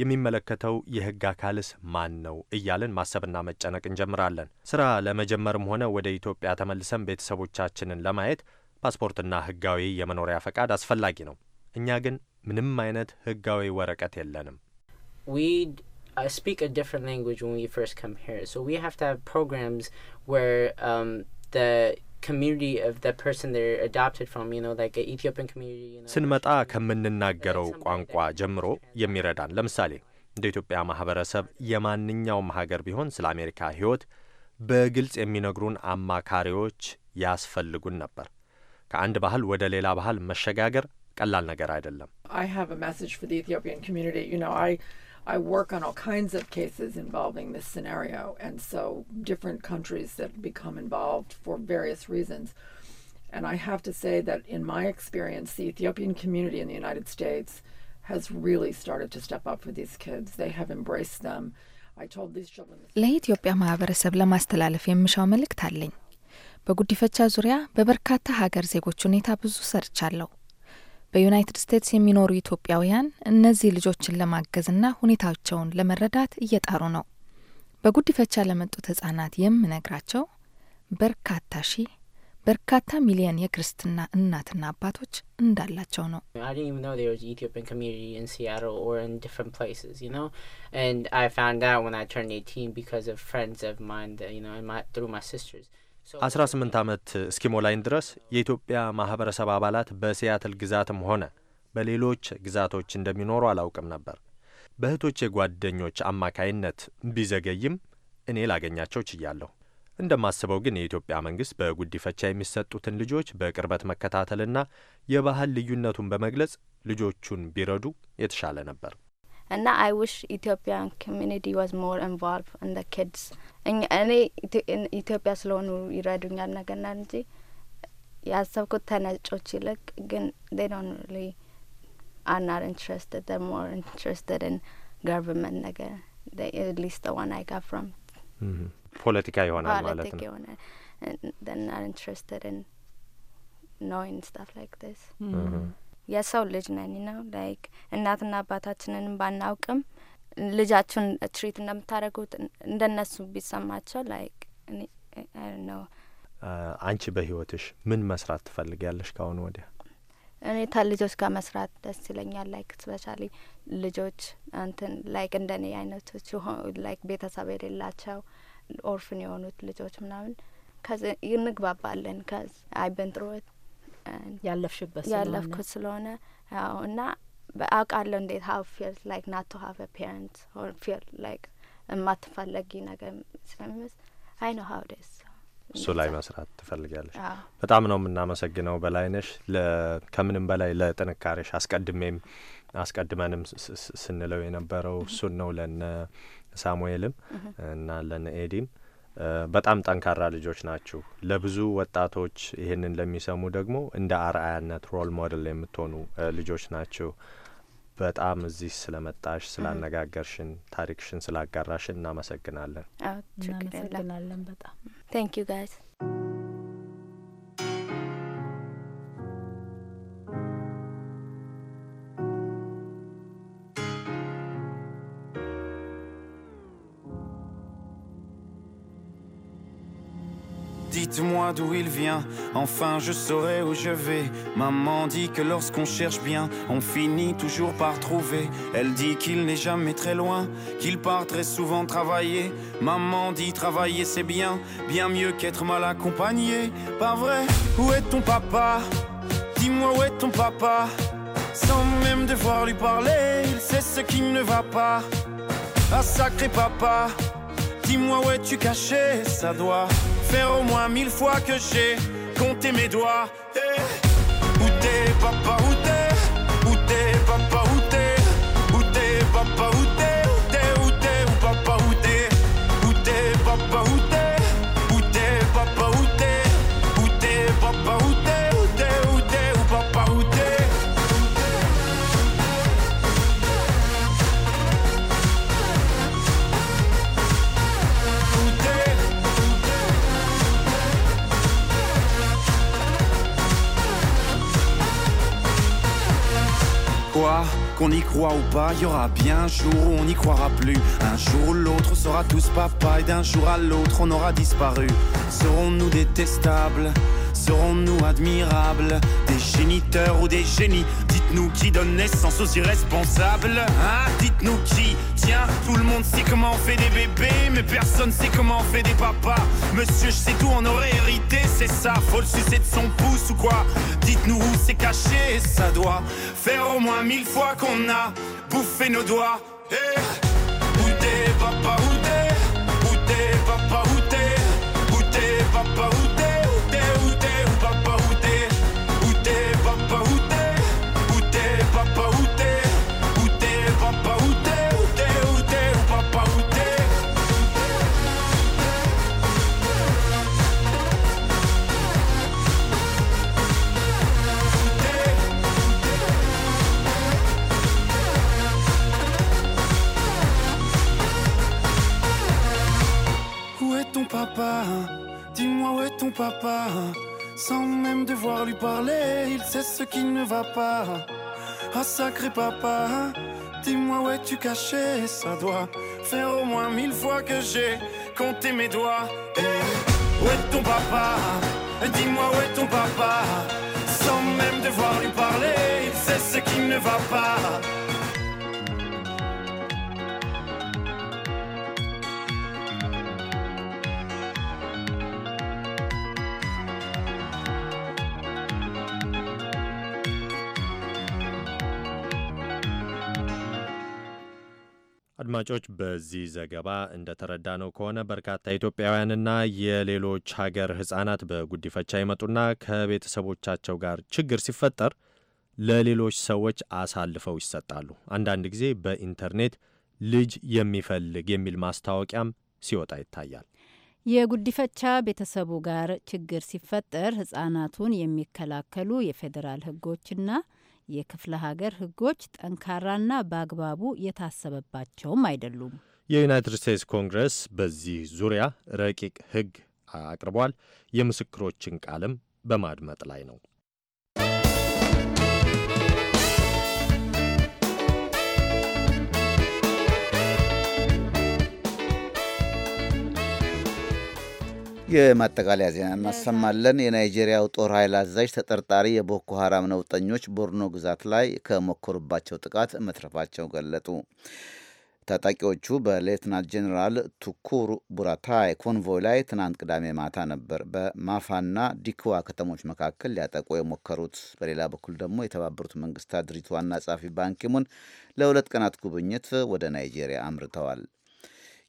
የሚመለከተው የሕግ አካልስ ማን ነው እያልን ማሰብና መጨነቅ እንጀምራለን። ስራ ለመጀመርም ሆነ ወደ ኢትዮጵያ ተመልሰን ቤተሰቦቻችንን ለማየት ፓስፖርትና ሕጋዊ የመኖሪያ ፈቃድ አስፈላጊ ነው። እኛ ግን ምንም አይነት ሕጋዊ ወረቀት የለንም። community of that person they're adopted from, you know, like an Ethiopian community. You know, ስንመጣ ከምንናገረው ቋንቋ ጀምሮ የሚረዳን ለምሳሌ እንደ ኢትዮጵያ ማህበረሰብ የማንኛውም ሀገር ቢሆን ስለ አሜሪካ ህይወት በግልጽ የሚነግሩን አማካሪዎች ያስፈልጉን ነበር። ከአንድ ባህል ወደ ሌላ ባህል መሸጋገር ቀላል ነገር አይደለም። I have a message for the Ethiopian community. You know, I I work on all kinds of cases involving this scenario, and so different countries that become involved for various reasons. And I have to say that in my experience, the Ethiopian community in the United States has really started to step up for these kids. They have embraced them. I told these children. ለኢትዮጵያ ማህበረሰብ ለማስተላለፍ የምሻው መልእክት አለኝ። በጉዲፈቻ ዙሪያ በበርካታ ሀገር ዜጎች ሁኔታ ብዙ ሰርቻለሁ። በዩናይትድ ስቴትስ የሚኖሩ ኢትዮጵያውያን እነዚህ ልጆችን ለማገዝና ሁኔታቸውን ለመረዳት እየጣሩ ነው። በጉዲፈቻ ለመጡት ህጻናት የምነግራቸው በርካታ ሺህ በርካታ ሚሊየን የክርስትና እናትና አባቶች እንዳላቸው ነው። 18 ዓመት እስኪሞላኝ ድረስ የኢትዮጵያ ማህበረሰብ አባላት በሲያትል ግዛትም ሆነ በሌሎች ግዛቶች እንደሚኖሩ አላውቅም ነበር። በእህቶቼ ጓደኞች አማካይነት ቢዘገይም እኔ ላገኛቸው ችያለሁ። እንደማስበው ግን የኢትዮጵያ መንግስት በጉዲፈቻ የሚሰጡትን ልጆች በቅርበት መከታተልና የባህል ልዩነቱን በመግለጽ ልጆቹን ቢረዱ የተሻለ ነበር። And now I wish Ethiopian community was more involved in the kids እኔ ኢትዮጵያ ስለሆኑ ይረዱኛል ነገር ና እንጂ ያሰብኩት ተነጮች ይልቅ Again, they don't really are not interested they're more interested in government Again, uh, they, at least the one I got from ፖለቲካ one. ማለት ነው And they're not interested in knowing stuff like this hmm. mm-hmm. የሰው ልጅ ነን ነው ላይክ እናትና አባታችንንም ባናውቅም ልጃችሁን ትሪት እንደምታደርጉት እንደነሱ ቢሰማቸው ላይክ ነው። አንቺ በህይወትሽ ምን መስራት ትፈልጊያለሽ ከአሁን ወዲያ? እኔ ልጆች ጋር መስራት ደስ ይለኛል። ላይክ ስፔሻሊ ልጆች እንትን ላይክ እንደ እኔ አይነቶች ላይክ ቤተሰብ የሌላቸው ኦርፍን የሆኑት ልጆች ምናምን ከዚ እንግባባለን ከዚ አይ ብን ትሩት ያለፍሽበት ያለፍኩት ስለሆነ ያው እና አውቃለሁ እንዴት ሀው ፊል ላይክ ናቶ ሀቭ ፔረንት ኦር ፊል ላይክ የማትፈለጊ ነገር ስለሚመስ አይ ነው ሀው ደስ እሱ ላይ መስራት ትፈልጋለሽ። በጣም ነው የምናመሰግነው በላይነሽ። ከምንም በላይ ለጥንካሬሽ አስቀድሜም አስቀድመንም ስንለው የነበረው እሱን ነው ለነ ሳሙኤልም እና ለነ ኤዲም በጣም ጠንካራ ልጆች ናችሁ። ለብዙ ወጣቶች ይህንን ለሚሰሙ ደግሞ እንደ አርአያነት ሮል ሞዴል የምትሆኑ ልጆች ናችሁ። በጣም እዚህ ስለመጣሽ ስላነጋገርሽን፣ ታሪክሽን ስላጋራሽን እናመሰግናለን። እናመሰግናለን በጣም ቴንክ ዩ ጋይስ d'où il vient. Enfin, je saurai où je vais. Maman dit que lorsqu'on cherche bien, on finit toujours par trouver. Elle dit qu'il n'est jamais très loin, qu'il part très souvent travailler. Maman dit travailler c'est bien, bien mieux qu'être mal accompagné. Pas vrai Où est ton papa Dis-moi où est ton papa Sans même devoir lui parler, il sait ce qui ne va pas. Ah sacré papa, dis-moi où es-tu caché, ça doit faire au moins mille fois que j'ai compté mes doigts. Eh, papa, On y croit ou pas, il y aura bien un jour où on n'y croira plus. Un jour ou l'autre, on sera tous papa et d'un jour à l'autre, on aura disparu. Serons-nous détestables Serons-nous admirables Des géniteurs ou des génies nous qui donne naissance aux irresponsables Hein Dites-nous qui Tiens, tout le monde sait comment on fait des bébés Mais personne sait comment on fait des papas Monsieur, je sais tout, on aurait hérité, c'est ça Faut le sucer de son pouce ou quoi Dites-nous où c'est caché, ça doit Faire au moins mille fois qu'on a bouffé nos doigts eh, Où t'es, papa, où t'es Où t'es, papa, où t'es Où t'es, papa, où t'es papa Dis-moi où est ton papa Sans même devoir lui parler, il sait ce qui ne va pas. Ah sacré papa, dis-moi où es-tu caché Ça doit faire au moins mille fois que j'ai compté mes doigts. Eh, où est ton papa Dis-moi où est ton papa Sans même devoir lui parler, il sait ce qui ne va pas. አድማጮች በዚህ ዘገባ እንደተረዳ ነው ከሆነ በርካታ ኢትዮጵያውያንና የሌሎች ሀገር ህጻናት በጉዲፈቻ ይመጡና ከቤተሰቦቻቸው ጋር ችግር ሲፈጠር ለሌሎች ሰዎች አሳልፈው ይሰጣሉ። አንዳንድ ጊዜ በኢንተርኔት ልጅ የሚፈልግ የሚል ማስታወቂያም ሲወጣ ይታያል። የጉዲፈቻ ቤተሰቡ ጋር ችግር ሲፈጠር ህጻናቱን የሚከላከሉ የፌዴራል ህጎችና። የክፍለ ሀገር ህጎች ጠንካራና በአግባቡ የታሰበባቸውም አይደሉም። የዩናይትድ ስቴትስ ኮንግረስ በዚህ ዙሪያ ረቂቅ ህግ አቅርቧል። የምስክሮችን ቃልም በማድመጥ ላይ ነው። የማጠቃለያ ዜና እናሰማለን። የናይጄሪያው ጦር ኃይል አዛዥ ተጠርጣሪ የቦኮ ሀራም ነውጠኞች ቦርኖ ግዛት ላይ ከሞከሩባቸው ጥቃት መትረፋቸው ገለጡ። ታጣቂዎቹ በሌትናንት ጀኔራል ቱኩር ቡራታይ ኮንቮይ ላይ ትናንት ቅዳሜ ማታ ነበር በማፋና ዲክዋ ከተሞች መካከል ሊያጠቁ የሞከሩት። በሌላ በኩል ደግሞ የተባበሩት መንግስታት ድርጅት ዋና ጸሐፊ ባንኪሙን ለሁለት ቀናት ጉብኝት ወደ ናይጄሪያ አምርተዋል።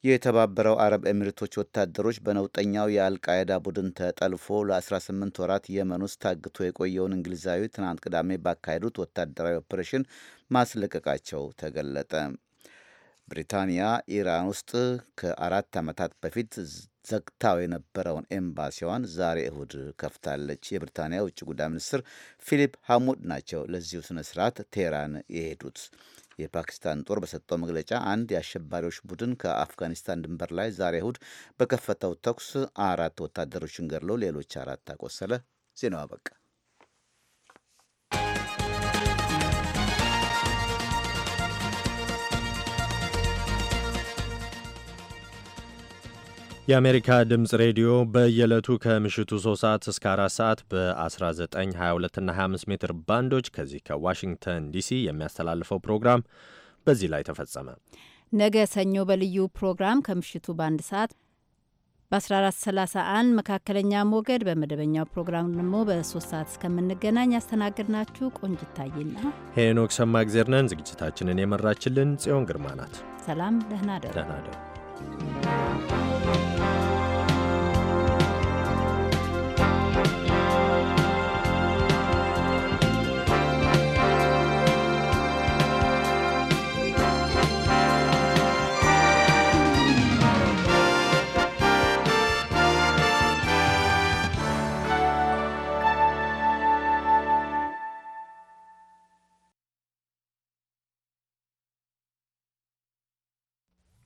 የተባበረው አረብ ኤሚሬቶች ወታደሮች በነውጠኛው የአልቃይዳ ቡድን ተጠልፎ ለ18 ወራት የመን ውስጥ ታግቶ የቆየውን እንግሊዛዊ ትናንት ቅዳሜ ባካሄዱት ወታደራዊ ኦፕሬሽን ማስለቀቃቸው ተገለጠ። ብሪታንያ ኢራን ውስጥ ከአራት ዓመታት በፊት ዘግታው የነበረውን ኤምባሲዋን ዛሬ እሁድ ከፍታለች። የብሪታንያ ውጭ ጉዳይ ሚኒስትር ፊሊፕ ሐሙድ ናቸው ለዚሁ ስነ ስርዓት ቴህራን የሄዱት። የፓኪስታን ጦር በሰጠው መግለጫ አንድ የአሸባሪዎች ቡድን ከአፍጋኒስታን ድንበር ላይ ዛሬ እሁድ በከፈተው ተኩስ አራት ወታደሮችን ገድሎ ሌሎች አራት አቆሰለ። ዜናው አበቃ። የአሜሪካ ድምፅ ሬዲዮ በየዕለቱ ከምሽቱ 3 ሰዓት እስከ 4 ሰዓት በ1922 እና 25 ሜትር ባንዶች ከዚህ ከዋሽንግተን ዲሲ የሚያስተላልፈው ፕሮግራም በዚህ ላይ ተፈጸመ። ነገ ሰኞ በልዩ ፕሮግራም ከምሽቱ በአንድ ሰዓት በ1431 መካከለኛ ሞገድ በመደበኛው ፕሮግራም ደግሞ በሶስት ሰዓት እስከምንገናኝ ያስተናግድናችሁ ቆንጅት ሄኖክ ሰማ እግዜር ነን። ዝግጅታችንን የመራችልን ጽዮን ግርማ ናት። ሰላም፣ ደህና ደሩ።